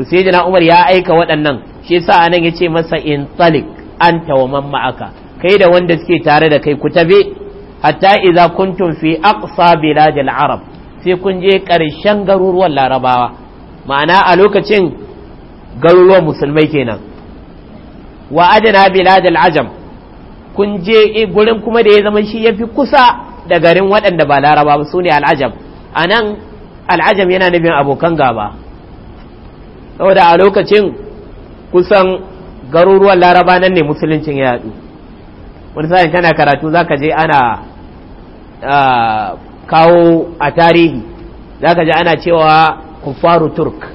to sai umar ya aika waɗannan shi sa anan ya ce masa in talik an tawaman ma'aka kai da wanda suke tare da kai ku tabe hatta idza kuntum fi aqsa al arab sai kun je karshen garuruwan larabawa ma'ana a lokacin garuruwan musulmai kenan wa adana al ajam kun je gurin kuma da ya zama shi yafi kusa da garin waɗanda ba laraba ba sune al'ajam nan al'ajam yana nufin abokan gaba saboda a lokacin kusan garuruwan laraba nan ne musuluncin ya yaɗu wani sa'in kana karatu zaka je ana kawo a tarihi zaka je ana cewa kufaru turk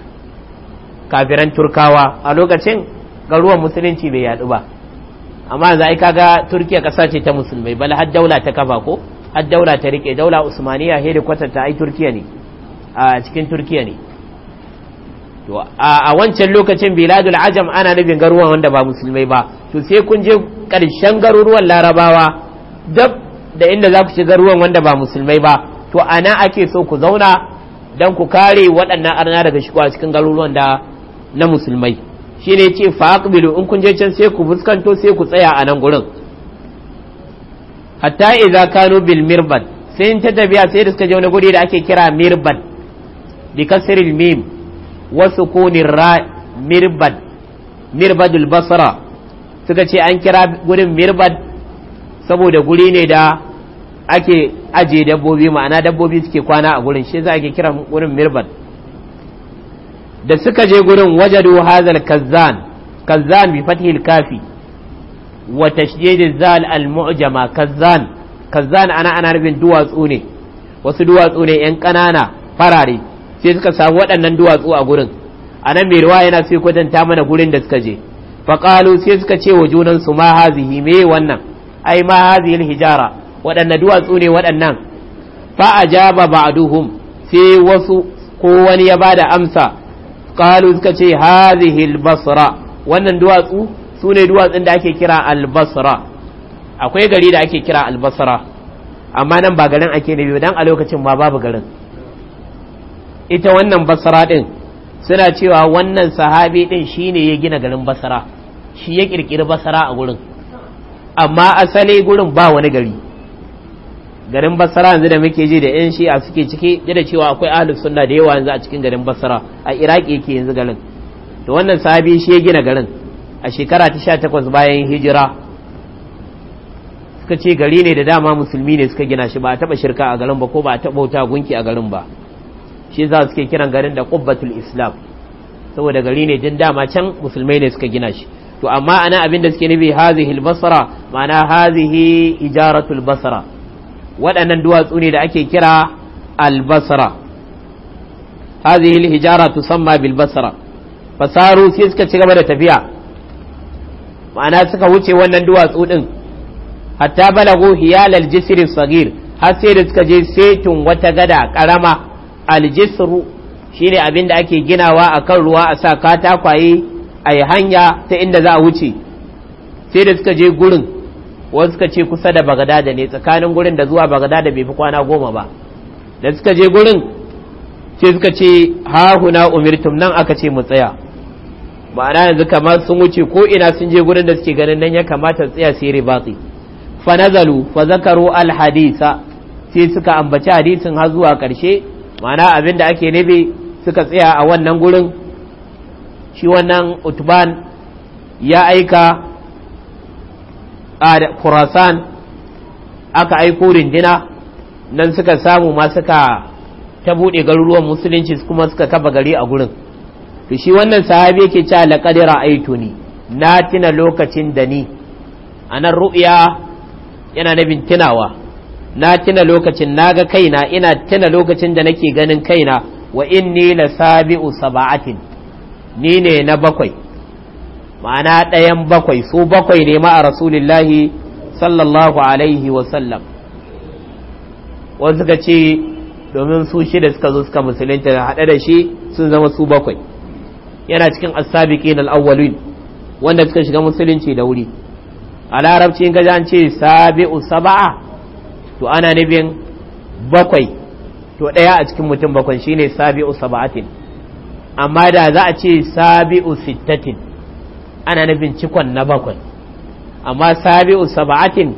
kafiran turkawa a lokacin garuwan musulunci bai yadu ba amma za a yi kaga turkiya kasa ce ta musulmai bala har daula ta kafa ko har daula ta rike daula usmaniya hedikwatar ta ai turkiya ne a cikin turkiya ne to a wancan lokacin biladul ajam ana nufin garuruwan wanda ba musulmai ba to sai kun je ƙarshen garuruwan larabawa dab da inda za ku shiga ruwan wanda ba musulmai ba to ana ake so ku zauna don ku kare waɗannan arna daga a cikin garuruwan da na musulmai shine ne ce faqbilu in kun je can sai ku fuskanto sai ku tsaya a nan gurin hatta idza kanu bil mirbad sai ta tafiya sai da suka je wani guri da ake kira mirbad bi kasril mim وسكون ra mirbad mirbadul البصرة suka ce an kira gurin mirbad saboda guri ne da ake aje dabbobi ma'ana dabbobi suke kwana a gurin shi za ake kira gurin mirbad da suka je gurin wajadu hazal kazzan kazzan bi fathil kafi wa tashdid zal al mu'jama kazzan kazzan ana ana rubin duwatsu ne wasu duwatsu ne yan kanana farare sai suka samu waɗannan duwatsu a gurin a nan mai ruwa yana sai kwatanta mana gurin da suka je faƙalu sai suka ce wa junansu ma hazihi me wannan ai ma hazihil hijara waɗanne duwatsu ne waɗannan fa ajaba ba'duhum sai wasu ko wani ya da amsa ƙalu suka ce hazihil basra wannan duwatsu sune ne duwatsun da ake kira albasra akwai gari da ake kira albasra amma nan ba garin ake ne dan a lokacin ma babu garin ita wannan basara ɗin suna cewa wannan sahabi ɗin shi ne ya gina garin basara shi ya ƙirƙiri basara a gurin amma asali gurin ba wani gari garin basara yanzu da muke ji da 'yan a suke ciki da cewa akwai ahlus sunna da yawa yanzu a cikin garin basara a iraki yake yanzu garin to wannan sahabi shi ya gina garin a shekara ta sha takwas bayan hijira suka ce gari ne da dama musulmi ne suka gina shi ba a taɓa shirka a garin ba ko ba a taɓa wuta gunki a garin ba shi za suke kiran garin da qubbatul islam saboda gari ne jin dama can musulmai ne suka gina shi to amma ana abin da suke nufi hazihi al-basra ma'ana hazihi ijaratul basra waɗannan duwatsu ne da ake kira albasra basra hazihi hijara tusamma bil basra fasaru sai suka ci gaba da tafiya ma'ana suka wuce wannan duwatsu din hatta balagu hiyalal al-jisr har sai da suka je setun wata gada karama aljisru shine abin da ake ginawa a kan ruwa a sa katakwaye a yi hanya ta inda za a wuce sai da suka je gurin wasu suka ce kusa da bagadada ne tsakanin gurin da zuwa bagadada bai fi kwana goma ba da suka je gurin sai suka ce hahuna umirtum nan aka ce mu tsaya ma'ana yanzu kamar sun wuce ko ina sun je gurin da suke ganin nan ya kamata tsaya sai ribati fa nazalu fa zakaru al hadisa sai suka ambaci hadisin har zuwa karshe mana abin da ake nufi suka tsaya a wannan gurin shi wannan utban ya aika a kurasan aka aiko rindina nan suka samu ma suka ta buɗe garuruwan musulunci kuma suka kafa gari a gurin to shi wannan sahabi yake cewa laqad ra'aytu ni na tina lokacin da ni anan ru'ya yana nabin tinawa na tuna lokacin na ga kaina ina tuna lokacin da nake ganin kaina wa inni la sabi'u saba'atin ni ne na bakwai ma'ana ɗayan bakwai su bakwai ne ma a rasulillahi sallallahu alaihi wa sallam. wasu ka ce domin su shida suka zo suka musulunta da haɗe da shi sun zama su bakwai yana cikin asabiki al-awwalin wanda suka shiga musulunci da wuri a larabci in ga an ce sabi'u saba'a to ana nufin bakwai to ɗaya a cikin mutum bakwai shine sabi'u saba'atin amma da za a ce sabi'u sittatin ana nufin cikon na bakwai amma sabi'u saba'atin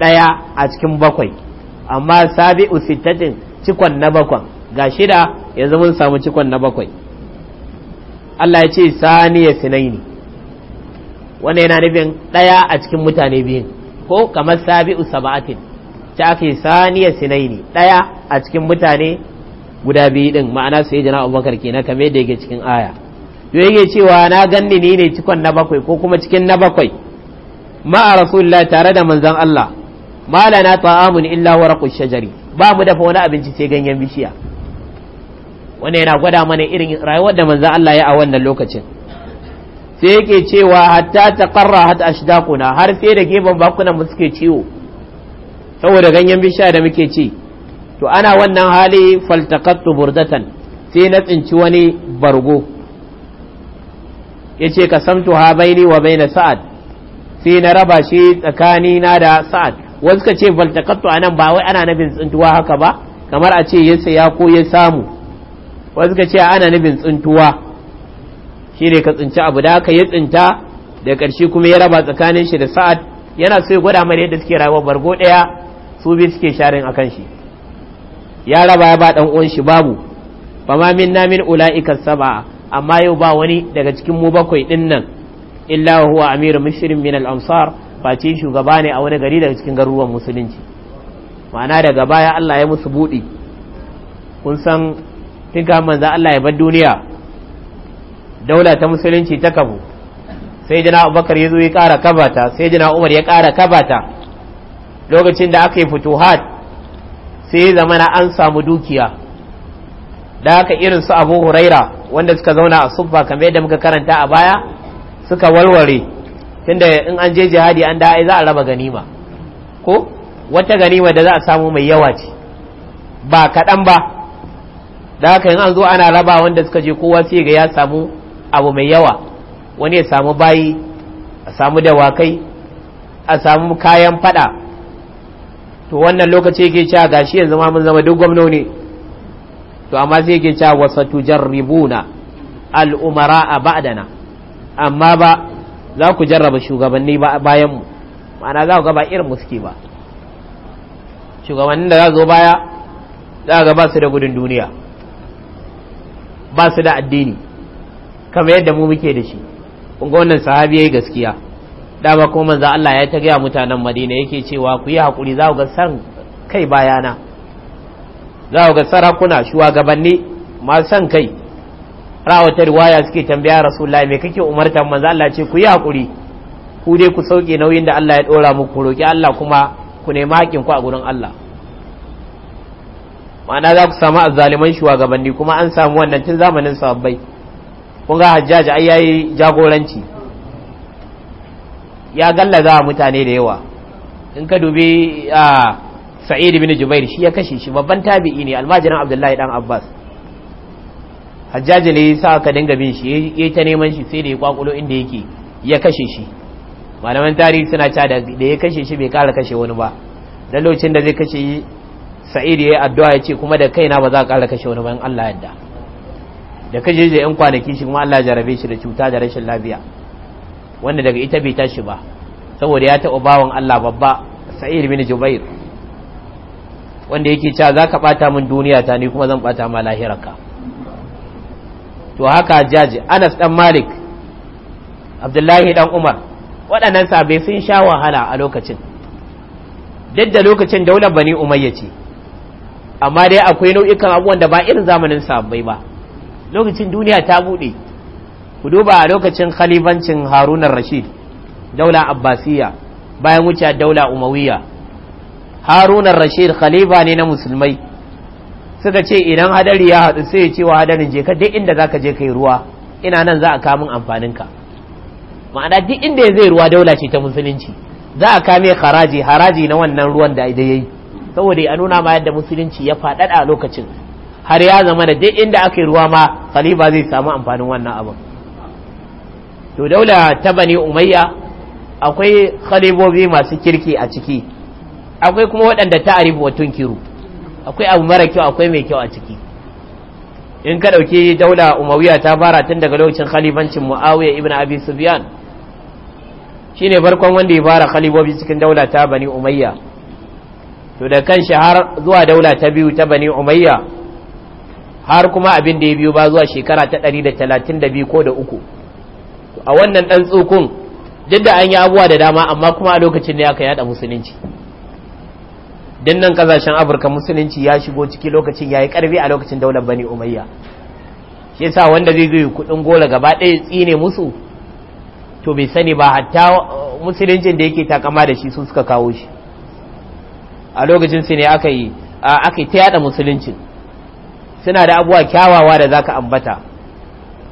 ɗaya a cikin bakwai amma sabi'u sittatin cikon na bakwai ga shida yanzu mun samu cikon na bakwai Allah ya ce saniya sinaini wannan yana nufin ɗaya a cikin mutane biyu ko kamar sabi'u saba'atin ta aka yi saniyar sinaini ɗaya a cikin mutane guda biyu ɗin ma'ana yi jana abubakar na kame da yake cikin aya yau yake cewa na ganni ni ne cikon na bakwai ko kuma cikin na bakwai ma'a rasulullah tare da manzan Allah na malana amun illa waraqu shajari ba mu dafa wani abinci sai ganyen bishiya wannan yana gwada mana irin rayuwar da manzan Allah ya a wannan lokacin sai yake cewa hatta ta ƙarra hatta kuna har sai da geban bakunan mu suke ciwo saboda ganyen bishiya da muke ci to ana wannan hali faltaqattu burdatan sai na tsinci wani bargo yace ka samtu ha baini wa baina sa'ad sai na raba shi tsakani na da sa'ad wasu ka ce faltaqattu anan ba wai ana nabin tsintuwa haka ba kamar a ce ya ko ya samu wasu ka ce ana nabin tsintuwa shi ne ka tsinci abu da ka yi tsinta da ƙarshe kuma ya raba tsakanin shi da sa'ad yana so ya gwada mana yadda suke rayuwa bargo daya su biyu suke sharin a kan shi ya raba ya ba ɗan shi babu ba ma min na min saba amma yau ba wani daga cikin mu bakwai ɗin nan illa wa huwa amirul min al-amsar ce shugaba ne a wani gari daga cikin garuruwan musulunci ma'ana daga baya Allah ya musu buɗi kun san tun kamun za Allah ya bar duniya daula ta musulunci ta kabu sai jina abubakar ya zo ya ƙara kabata sai jina umar ya ƙara kabata lokacin da aka yi fituhat sai zamana an samu dukiya da aka irin su abu huraira wanda suka zauna a sufa kamar yadda muka karanta a baya suka walware tunda in an je jihadi an da za a raba ganima ko wata ganima da za a samu mai yawa ce ba kaɗan ba da haka yin an zo ana raba wanda suka je kowa sai ga ya samu abu mai yawa wani ya samu bayi a samu dawakai a samu kayan fada to wannan lokaci yake cewa gashi yanzu ma mun zama duk gwamnoni to amma sai yake cewa jarribuna al-umara ba'dana amma ba za ku jarraba shugabanni bayan mu ma'ana za ku ga ba irin muske ba shugabannin da za zo baya za ga ba su da gudun duniya ba su da addini kamar yadda mu muke da shi kun ga wannan sahabi yayi gaskiya dama kuma manzo Allah ya ta gaya mutanen Madina yake cewa ku yi hakuri za ku ga san kai bayana za ku ga sarakuna shugabanni masu san kai rawata riwaya suke tambaya Rasulullahi me kake umartan manzo Allah ce ku yi hakuri ku dai ku sauke nauyin da Allah ya dora muku ku roki Allah kuma ku nemi hakin ku a gurin Allah ma'ana za ku samu azzaliman shugabanni kuma an samu wannan tun zamanin sahabbai kun ga Hajjaj ai yayi jagoranci ya gallaza mutane da yawa in ka dubi a sa'id ibn jubair shi ya kashe shi babban tabi'i ne almajirin abdullahi dan abbas hajjaji ne sa ka dinga bin shi ya ta neman shi sai da ya kwakulo inda yake ya kashe shi malaman tarihi suna ca da ya kashe shi bai kara kashe wani ba dan lokacin da zai kashe sa'id ya yi addu'a ya ce kuma da kaina ba za ka kara kashe wani ba in Allah yadda da kashe shi yan kwanaki shi kuma Allah jarabe shi da cuta da rashin lafiya wanda daga ita bai tashi ba saboda ya taɓa bawan Allah babba sa'ir bin jubair wanda yake cewa za ka ɓata min duniya ta ni kuma zan ɓata ma lahirarka to haka jaji anas ɗan malik abdullahi ɗan umar waɗannan sabe sun sha wahala a lokacin duk da lokacin daular bani umayya ce amma dai akwai nau'ikan abubuwan da ba irin zamanin sabbai ba lokacin duniya ta buɗe ku duba a lokacin khalifancin harunan rashid daula abbasiya bayan wuce daula umawiya harunan rashid khalifa ne na musulmai suka ce idan hadari ya haɗu sai ya ce wa hadarin je ka duk inda za je kai ruwa ina nan za a kamun amfaninka ma'ana duk inda ya zai ruwa daula ce ta musulunci za a kame haraji haraji na wannan ruwan da ya yi saboda ya nuna ma yadda musulunci ya faɗaɗa a lokacin har ya zama da duk inda aka yi ruwa ma khalifa zai samu amfanin wannan abin to daula ta bani umayya akwai khalibobi masu kirki a ciki akwai kuma waɗanda ta arifu wa tunkiru akwai abu mara kyau akwai mai kyau a ciki in ka ɗauki daula umayya ta fara tun daga lokacin khalibancin muawiya ibn abi sufyan shine farkon wanda ya fara khalibobi cikin daula ta bani umayya to da kan shi har zuwa daula ta biyu ta bani umayya har kuma abin da ya biyo ba zuwa shekara ta 132 ko da uku a wannan ɗan tsukun duk da an yi abuwa da dama amma kuma a lokacin ne aka yada musulunci nan kasashen afirka musulunci ya shigo ciki lokacin ya yi karfi a lokacin daular bani umayya shi yasa wanda zai zo kudin gola gaba ɗaya tsine musu to bai sani ba hatta musuluncin da yake takama da shi su suka kawo shi a lokacin su ne aka yi ta yada musuluncin suna da abuwa kyawawa da zaka ambata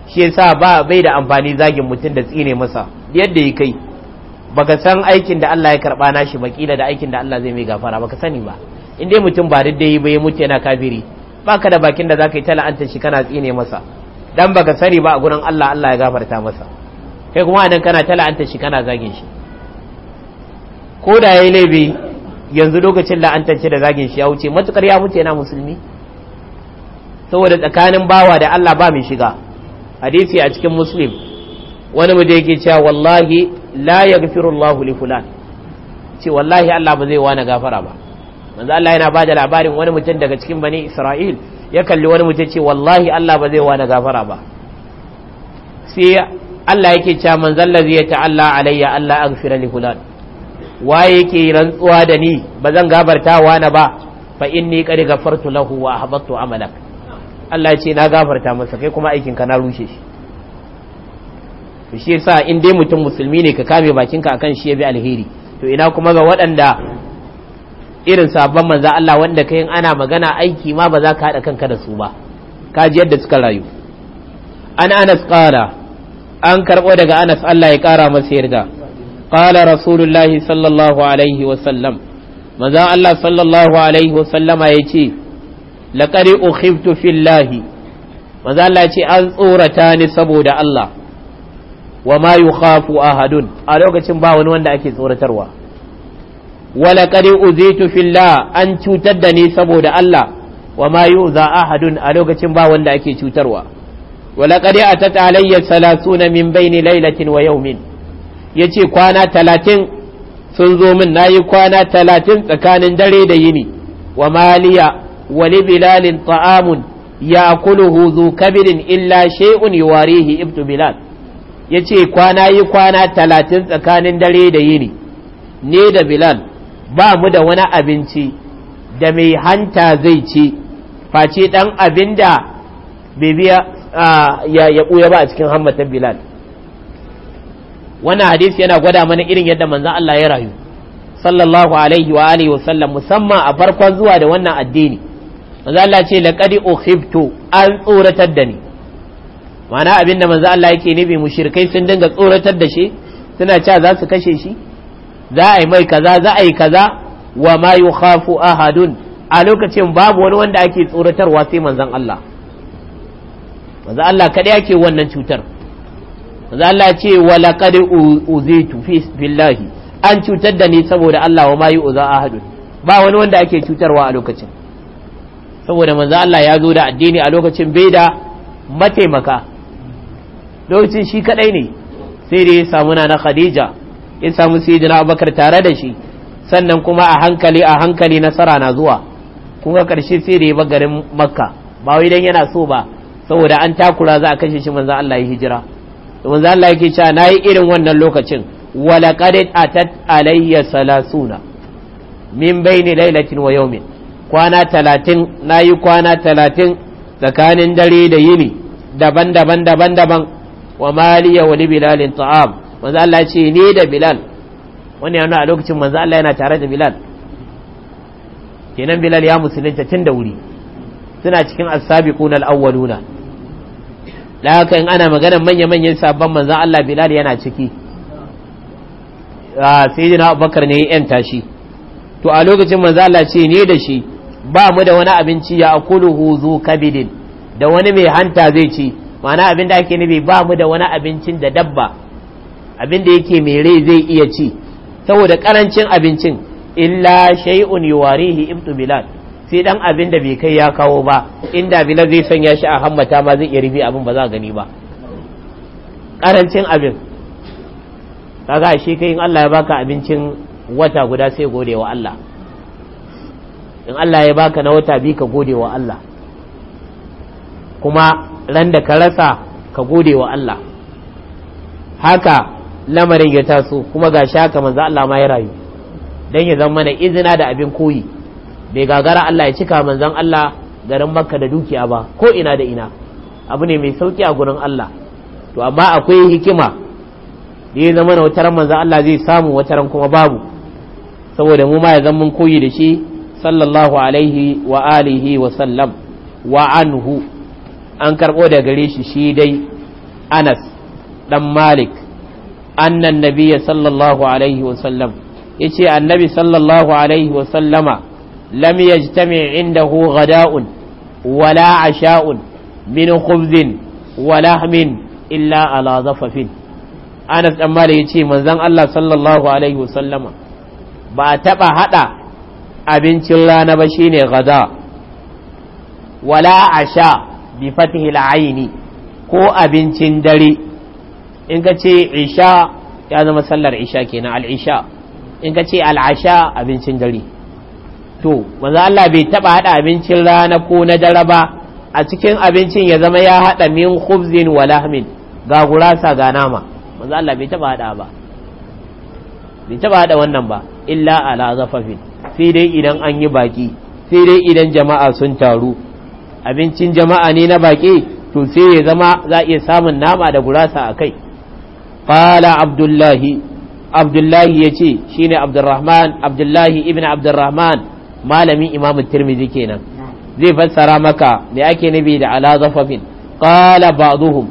shi yasa ba bai da amfani zagin mutum da tsine masa yadda ya kai baka san aikin da Allah ya karba nashi bakila da aikin da Allah zai mai gafara baka sani ba in dai mutum ba daidai ba ya mutu yana kafiri baka da bakin da zaka yi tala'anta shi kana tsine masa dan baka sani ba a gurin Allah Allah ya gafarta masa kai kuma idan kana tala'anta shi kana zagin shi ko da yayi laifi yanzu lokacin la'antance da zagin shi ya wuce matukar ya mutu yana musulmi saboda tsakanin bawa da Allah ba mai shiga hadisi a cikin muslim wani mu da ke cewa wallahi la yaghfiru Allahu li fulan ce wallahi Allah ba zai wani gafara ba manzo Allah yana ba da labarin wani mutum daga cikin bani Isra'il ya kalli wani mutum ce wallahi Allah ba zai wani gafara ba sai Allah yake cewa man zallazi ta Allah alayya Allah aghfira li fulan waye yake rantsuwa da ni ba zan gabarta wani ba fa inni qad ghafartu lahu wa ahbattu amalak Allah ya ce na gafarta masa kai kuma aikinka na rushe shi to shi yasa in dai mutum musulmi ne ka kame bakinka akan shi ya bi alheri to ina kuma ga waɗanda irin sabon manza Allah wanda kai ana magana aiki ma ba za ka haɗa kanka da su ba ka ji yadda suka rayu an anas ƙara an karɓo daga anas Allah ya ƙara masa yarda ƙala rasulullahi sallallahu alaihi wasallam manzo Allah sallallahu alaihi wasallama ya ce laqad ukhiftu fillahi manzo Allah ce an tsorata ni saboda Allah wa ma yukhafu ahadun a lokacin ba wani wanda ake tsoratarwa wala qad uzitu fillah an cutar da ni saboda Allah wa ma yuza ahadun a lokacin ba wanda ake cutarwa wala qad atat alayya salasuna min baini laylatin wa yawmin yace kwana talatin sun zo min nayi kwana talatin tsakanin dare da yini wa maliya wali bilalin ta'amun ya kuluhu zu kabirin illa shay'un yuwarihi ibnu bilal Ya ce kwana yi kwana talatin tsakanin dare da yini ne da bilal ba mu da wani abinci da mai hanta zai ci face ɗan abinda bai biya ya buya ba a cikin hammatan bilal wannan hadisi yana gwada mana irin yadda manzon Allah ya rayu sallallahu alaihi wa alihi wa sallam musamman a farkon zuwa da wannan addini manzo Allah ce laqad ukhibtu an tsoratar da ni mana abin da manzo Allah yake nufi mushrikai sun dinga tsoratar da shi suna cewa za su kashe shi za a yi mai kaza za a yi kaza wa ma yukhafu ahadun a lokacin babu wani wanda ake tsoratarwa sai manzon Allah manzo Allah kadai yake wannan cutar manzo Allah ce wa laqad uzitu fi billahi an cutar da ni saboda Allah wa ma yu'za ahadun ba wani wanda ake cutarwa a lokacin saboda manzo Allah ya zo da addini a lokacin bai da mataimaka lokacin shi kadai ne sai da ya samu na Khadija ya samu sayyidina Abubakar tare da shi sannan kuma a hankali a hankali nasara na zuwa kuma karshe sai da ya bar garin Makka ba wai dan yana so ba saboda an takura za a kashe shi manzo Allah ya hijira to manzo Allah yake cewa nayi irin wannan lokacin walaqad atat alayya salasuna min bayni lailatin wa yawmin kwana talatin na yi kwana talatin tsakanin dare da yini daban-daban daban-daban wa maliya wani bilalin ta'am manzo Allah ce ni da bilal wani yana a lokacin manzo Allah yana tare da bilal kenan bilal ya musulunta tun da wuri suna cikin as-sabiqun al-awwaluna da haka in ana maganar manya-manyan sabon manzo Allah bilal yana ciki ah, sayyidina Abubakar ne ya yanta shi to a lokacin manzo Allah ce ne da shi ba mu da wani abinci ya akuluhu zu kabidin da wani mai hanta zai ci mana abin da ake nufi ba mu da wani abincin da dabba abin da yake mai rai zai iya ci saboda karancin abincin illa shay'un yuwarihi ibtu bilal sai dan abin da bai kai ya kawo ba inda bilal zai sanya shi a hammata ma zai iya rubi abin ba za gani ba karancin abin kaga shi kai in Allah ya baka abincin wata guda sai gode wa Allah in Allah ya baka na wata biyu ka gode wa Allah kuma ran da ka rasa ka gode wa Allah haka lamarin ya taso kuma ga shaka manzo Allah ma ya rayu dan ya zama mana izina da abin koyi bai gagara Allah ya cika manzon Allah garin Makka da dukiya ba ko ina da ina abu ne mai sauki a gurin Allah to amma akwai hikima da ya zama na wataran manzon Allah zai samu wataran kuma babu saboda mu ma ya zama mun koyi da shi sallallahu alaihi wa alihi wa sallam wa anhu an karɓo da gare shi shi dai anas ɗan malik annan nabiya sallallahu alaihi wa sallam ya ce annabi sallallahu alaihi wa sallama lam yajtami indahu ghada'un wala asha'un min khubzin walamin lahmin illa ala anas ɗan malik ya ce allah sallallahu alaihi wa sallama ba a taɓa haɗa abincin rana ba ne Gada wala asha bi fatihil aini ko abincin dare in ka ce isha ya zama sallar isha kenan al-isha in ka ce al-asha abincin dare to manzo Allah bai taba hada abincin rana ko na dare ba a cikin abincin ya zama ya hada min khubzin wa lahmin ga gurasa ga nama manzo Allah bai taba hada ba bai taba hada wannan ba illa ala zafafin sai dai idan an yi baki sai dai idan jama'a sun taru abincin jama'a ne na baki to sai ya zama za iya samun nama da gurasa a kai qala abdullahi abdullahi ya ce shi ne abdurrahman abdullahi ibn abdurrahman malamin imamu tirmizi kenan zai fassara maka me ake nabi da ala zafafin qala ba'duhum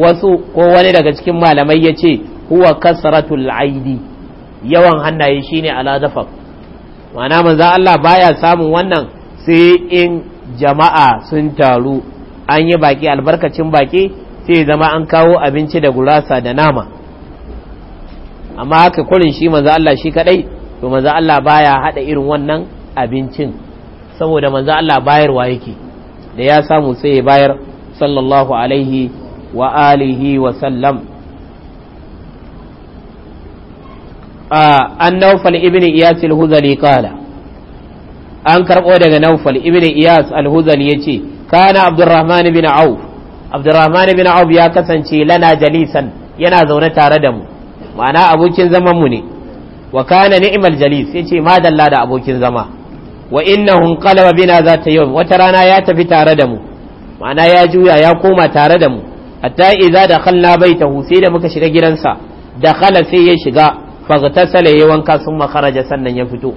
wasu ko wani daga cikin malamai ya ce huwa kasratul aidi yawan hannaye shine ala ma'ana manzo Allah baya samun wannan sai in jama'a sun taru an yi baki albarkacin baki sai zama an kawo abinci da gurasa da nama amma haka kullun shi manzo Allah shi kadai to manzo Allah baya haɗa irin wannan abincin saboda manzo Allah bayarwa yake da ya samu sai bayar sallallahu alaihi wa alihi wa sallam an naufal ibn iyas al-huzali kala an karɓo daga naufal ibn iyas al-huzali ya ce kana abdurrahman ibn auf abdurrahman ibn auf ya kasance lana jalisan yana zaune tare da mu ma'ana abokin zaman mu ne wa kana ni'mal jalis yace ma dalla da abokin zama wa innahu qalaba bina zata yawm wata rana ya tafi tare da mu ma'ana ya juya ya koma tare da mu hatta idza dakhalna baitahu sai da muka shiga gidansa dakhala sai ya shiga ya yi wanka sun makaraja sannan ya fito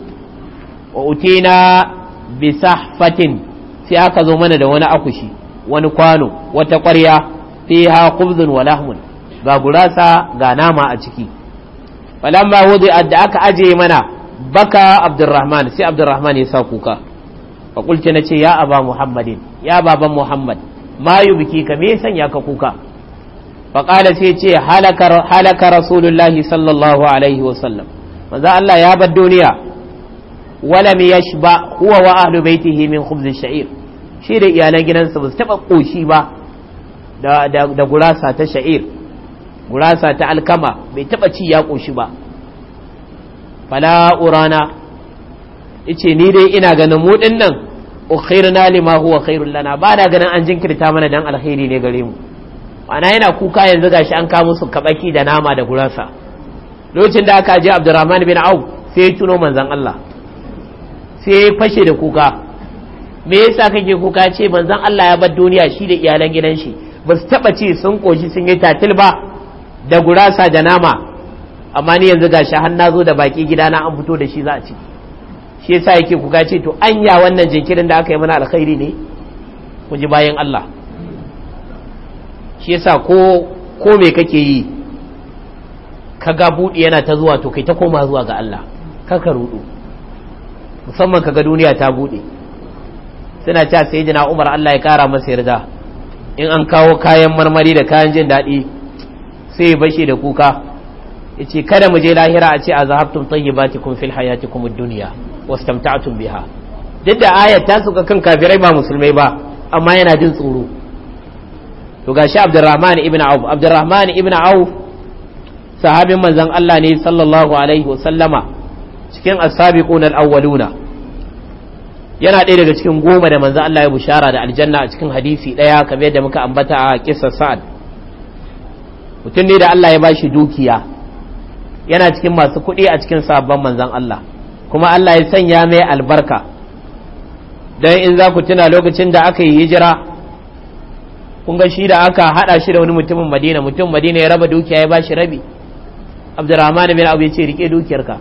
wa utina bi sahfatin sai aka zo mana da wani akushi wani kwano wata ƙwarya fiha kubzun wa lahmun ga gurasa ga nama a ciki falamma wudi'at da aka aje mana baka abdurrahman sai abdurrahman ya sa kuka fa na ce ya aba muhammadin ya baban muhammad ma yubki ka me sanya ka kuka faƙala sai ce halaka rasulullahi sallallahu alaihi wasallam manzo Allah ya bar duniya walam yashba huwa wa ahlu baitihi min khubz shair shi da iyalan gidansa ba su taba koshi ba da gurasa ta sha'ir gurasa ta alkama bai taba ci ya koshi ba fala urana yace ni dai ina ganin mu din nan ukhairna lima huwa khairul lana ba da ganin an jinkirta mana dan alkhairi ne gare mu ana yana kuka yanzu gashi an kawo musu kabaki da nama da guransa lokacin da aka je abdurrahman bin Au sai ya tuno manzon Allah sai ya fashe da kuka me yasa kake kuka ce manzon Allah ya bar duniya shi da iyalan gidan shi ba su taba ce sun koshi sun yi tatil ba da gurasa da nama amma ni yanzu gashi har na zo da baki gidana an fito da shi za a ci shi yasa yake kuka ce to anya wannan jinkirin da aka yi mana alkhairi ne ku ji bayan Allah shi yasa ko ko me kake yi kaga buɗe yana ta zuwa to kai ta koma zuwa ga Allah karka rudu musamman kaga duniya ta buɗe suna cewa sayyidina Umar Allah ya kara masa yarda in an kawo kayan marmari da kayan jin daɗi sai ya bashe da kuka yace kada mu je lahira a ce a zahabtum tayyibatikum fil hayatikum ad-dunya wastamta'tum biha duk da ayat ta suka kan kafirai ba musulmai ba amma yana jin tsoro to shi abdurrahman ibn auf abdurrahman ibn auf sahabin manzon Allah ne sallallahu alaihi wa sallama cikin as-sabiquna al-awwaluna yana ɗaya daga cikin goma da manzon Allah ya bushara da aljanna a cikin hadisi ɗaya kamar yadda muka ambata a kisa sa'ad mutum ne da Allah ya bashi dukiya yana cikin masu kuɗi a cikin sabon manzon Allah kuma Allah ya sanya mai albarka dan in za ku tuna lokacin da aka yi hijira kun ga shi da aka hada shi da wani mutumin madina mutum madina ya raba dukiya ya bashi rabi abdurrahman bin abu ya ce rike dukiyarka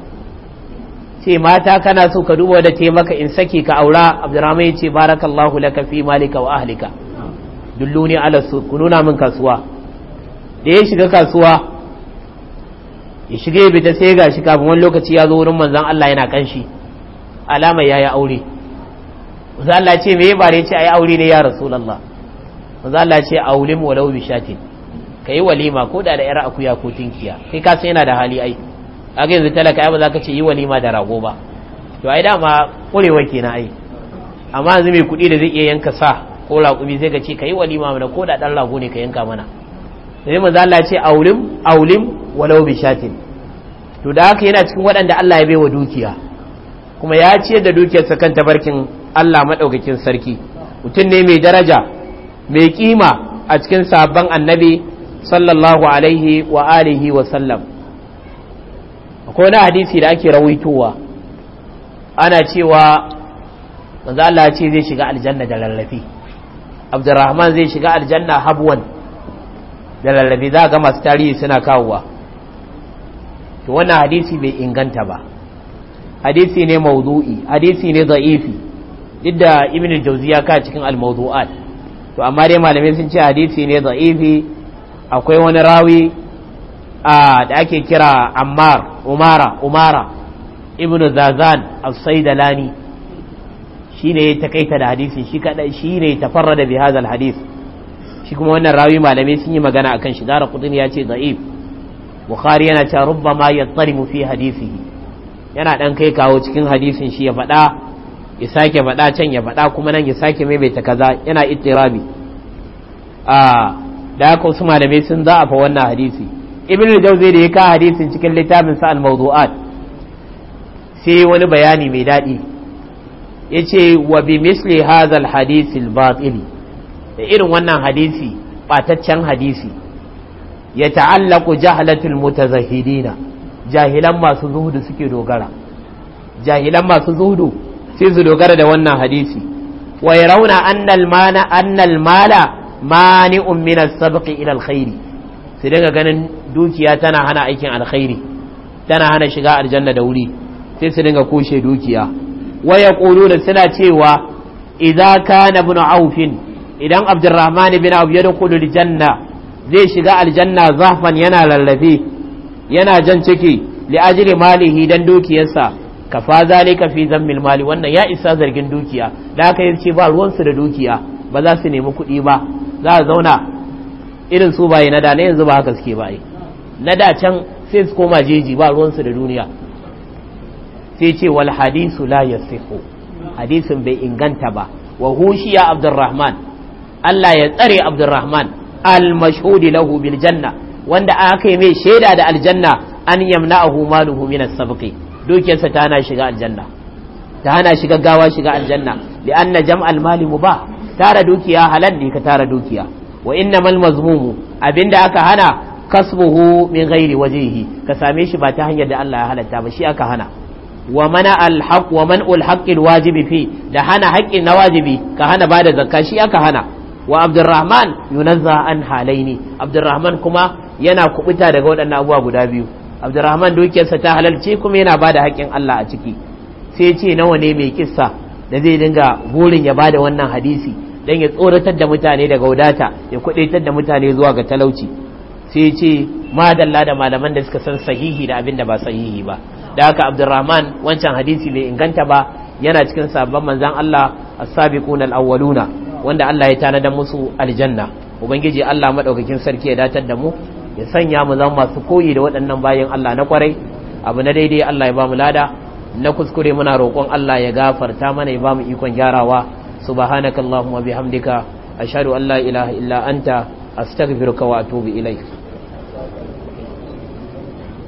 ce mata kana so ka duba da taimaka maka in saki ka aura abdurrahman ya ce barakallahu laka fi malika wa ahlika dulluni ala su ku nuna min kasuwa da ya shiga kasuwa ya shiga ya bita sai ga shi kafin wani lokaci ya zo wurin manzon Allah yana kanshi alama ya yi aure manzan Allah ce me ya bare ce ayi aure ne ya rasulullah manzo Allah ce aulim walau bi shatin kai walima ko da da yar akuya ko tinkiya kai ka san yana da hali ai ga yanzu talaka ai ba za ka ce yi walima da rago ba to ai dama kurewa kenan ai amma yanzu mai kuɗi da zai iya yanka sa ko laƙumi zai ga ce kai walima mana ko da dan rago ne ka yanka mana sai manzo Allah ce aulim aulim walau bi shatin to da haka yana cikin waɗanda Allah ya baiwa dukiya kuma ya ciyar da dukiyarsa kan tabarkin Allah madaukakin sarki mutum ne mai daraja mai kima a cikin sabon annabi sallallahu alaihi wa alihi wa sallam akwai wani hadisi da ake rawaitowa ana cewa manzo Allah ce zai shiga aljanna da lallafi Abdurrahman zai shiga aljanna habwan da lallafi za ga masu tarihi suna kawowa to wannan hadisi bai inganta ba hadisi ne mawdu'i hadisi ne da'ifi duk da ibn jauzi ya ka cikin al-mawdu'at to amma dai malamai sun ce hadisi ne da'ifi akwai wani rawi a da ake kira ammar umara umara ibnu zazan as-saidalani shine ya takaita da hadisi shi kada shine tafarrada bi hadha hadis. shi kuma wannan rawi malamai sun yi magana akan shi dara kudin ya ce da'if bukhari yana cewa rubbama yattarimu fi hadisihi yana dan kai kawo cikin hadisin shi ya faɗa ya sake faɗa can ya faɗa kuma nan ya sake maimaita kaza yana ittirabi a da haka wasu malamai sun za a fa wannan hadisi ibn al-jawzi da ya ka hadisin cikin littafin sa al-mawdu'at sai wani bayani mai daɗi yace wa bi misli hadha al-hadith al-batil da irin wannan hadisi ɓataccen hadisi ya ta'allaku jahlatul mutazahidina jahilan masu zuhudu suke dogara jahilan masu zuhudu sai su dogara da wannan hadisi wa rauna annal mana annal mala mani'un min as ila al Sai daga ganin dukiya tana hana aikin alkhairi tana hana shiga aljanna da wuri sai su dinga kushe dukiya wa da suna cewa idza kana ibn awfin? idan abdurrahman ibn auf yadkhulu al-janna zai shiga aljanna zafan yana lallabe yana jan ciki li ajli malihi dan dukiyarsa ka zale zalika fi zammil mali wannan ya isa zargin dukiya da aka yace ba ruwansu da dukiya ba za su nemi kuɗi ba za a zauna irin su baye na da na yanzu ba haka suke baye na da can sai su koma jeji ba ruwansu da duniya sai ce wal hadisu la yasihu hadisin bai inganta ba wa hushiya abdurrahman Allah ya tsare abdurrahman al mashhudi lahu bil janna wanda aka yi mai shaida da aljanna an yamna'ahu maluhu min as-sabqi dukiyarsa ta hana shiga aljanna ta hana shiga gawa shiga aljanna li anna jam'al mali ba tara dukiya halal ne ka tara dukiya wa innamal mazmumu abinda aka hana kasbuhu min ghairi wajhihi ka same shi ba ta hanyar da Allah ya halatta ba shi aka hana wa mana alhaq wa man alhaqil wajibi fi da hana haƙƙin na wajibi ka hana bada zakka shi aka hana wa abdurrahman yunazza an halaini abdurrahman kuma yana kubuta daga waɗannan abubuwa guda biyu abdurrahman dukiyarsa ta halarci kuma yana ba da haƙƙin Allah a ciki sai ce nawa ne mai kissa da zai dinga burin ya ba da wannan hadisi don ya tsoratar da mutane daga wadata ya kudaitar da mutane zuwa ga talauci sai ce madalla da malaman da suka san sahihi da abin da ba sahihi ba da haka abdurrahman wancan hadisi bai inganta ba yana cikin sabon manzan Allah as-sabiqun al-awwaluna wanda Allah ya tanada musu aljanna ubangiji Allah madaukakin sarki ya datar da mu ya sanya mu zama masu koyi da waɗannan bayan Allah na kwarai abu na daidai Allah ya ba mu lada na kuskure muna roƙon Allah ya gafarta mana ya ba mu ikon gyarawa subhanakallahumma bihamdika ashhadu an la ilaha illa anta astaghfiruka wa atubu ilaik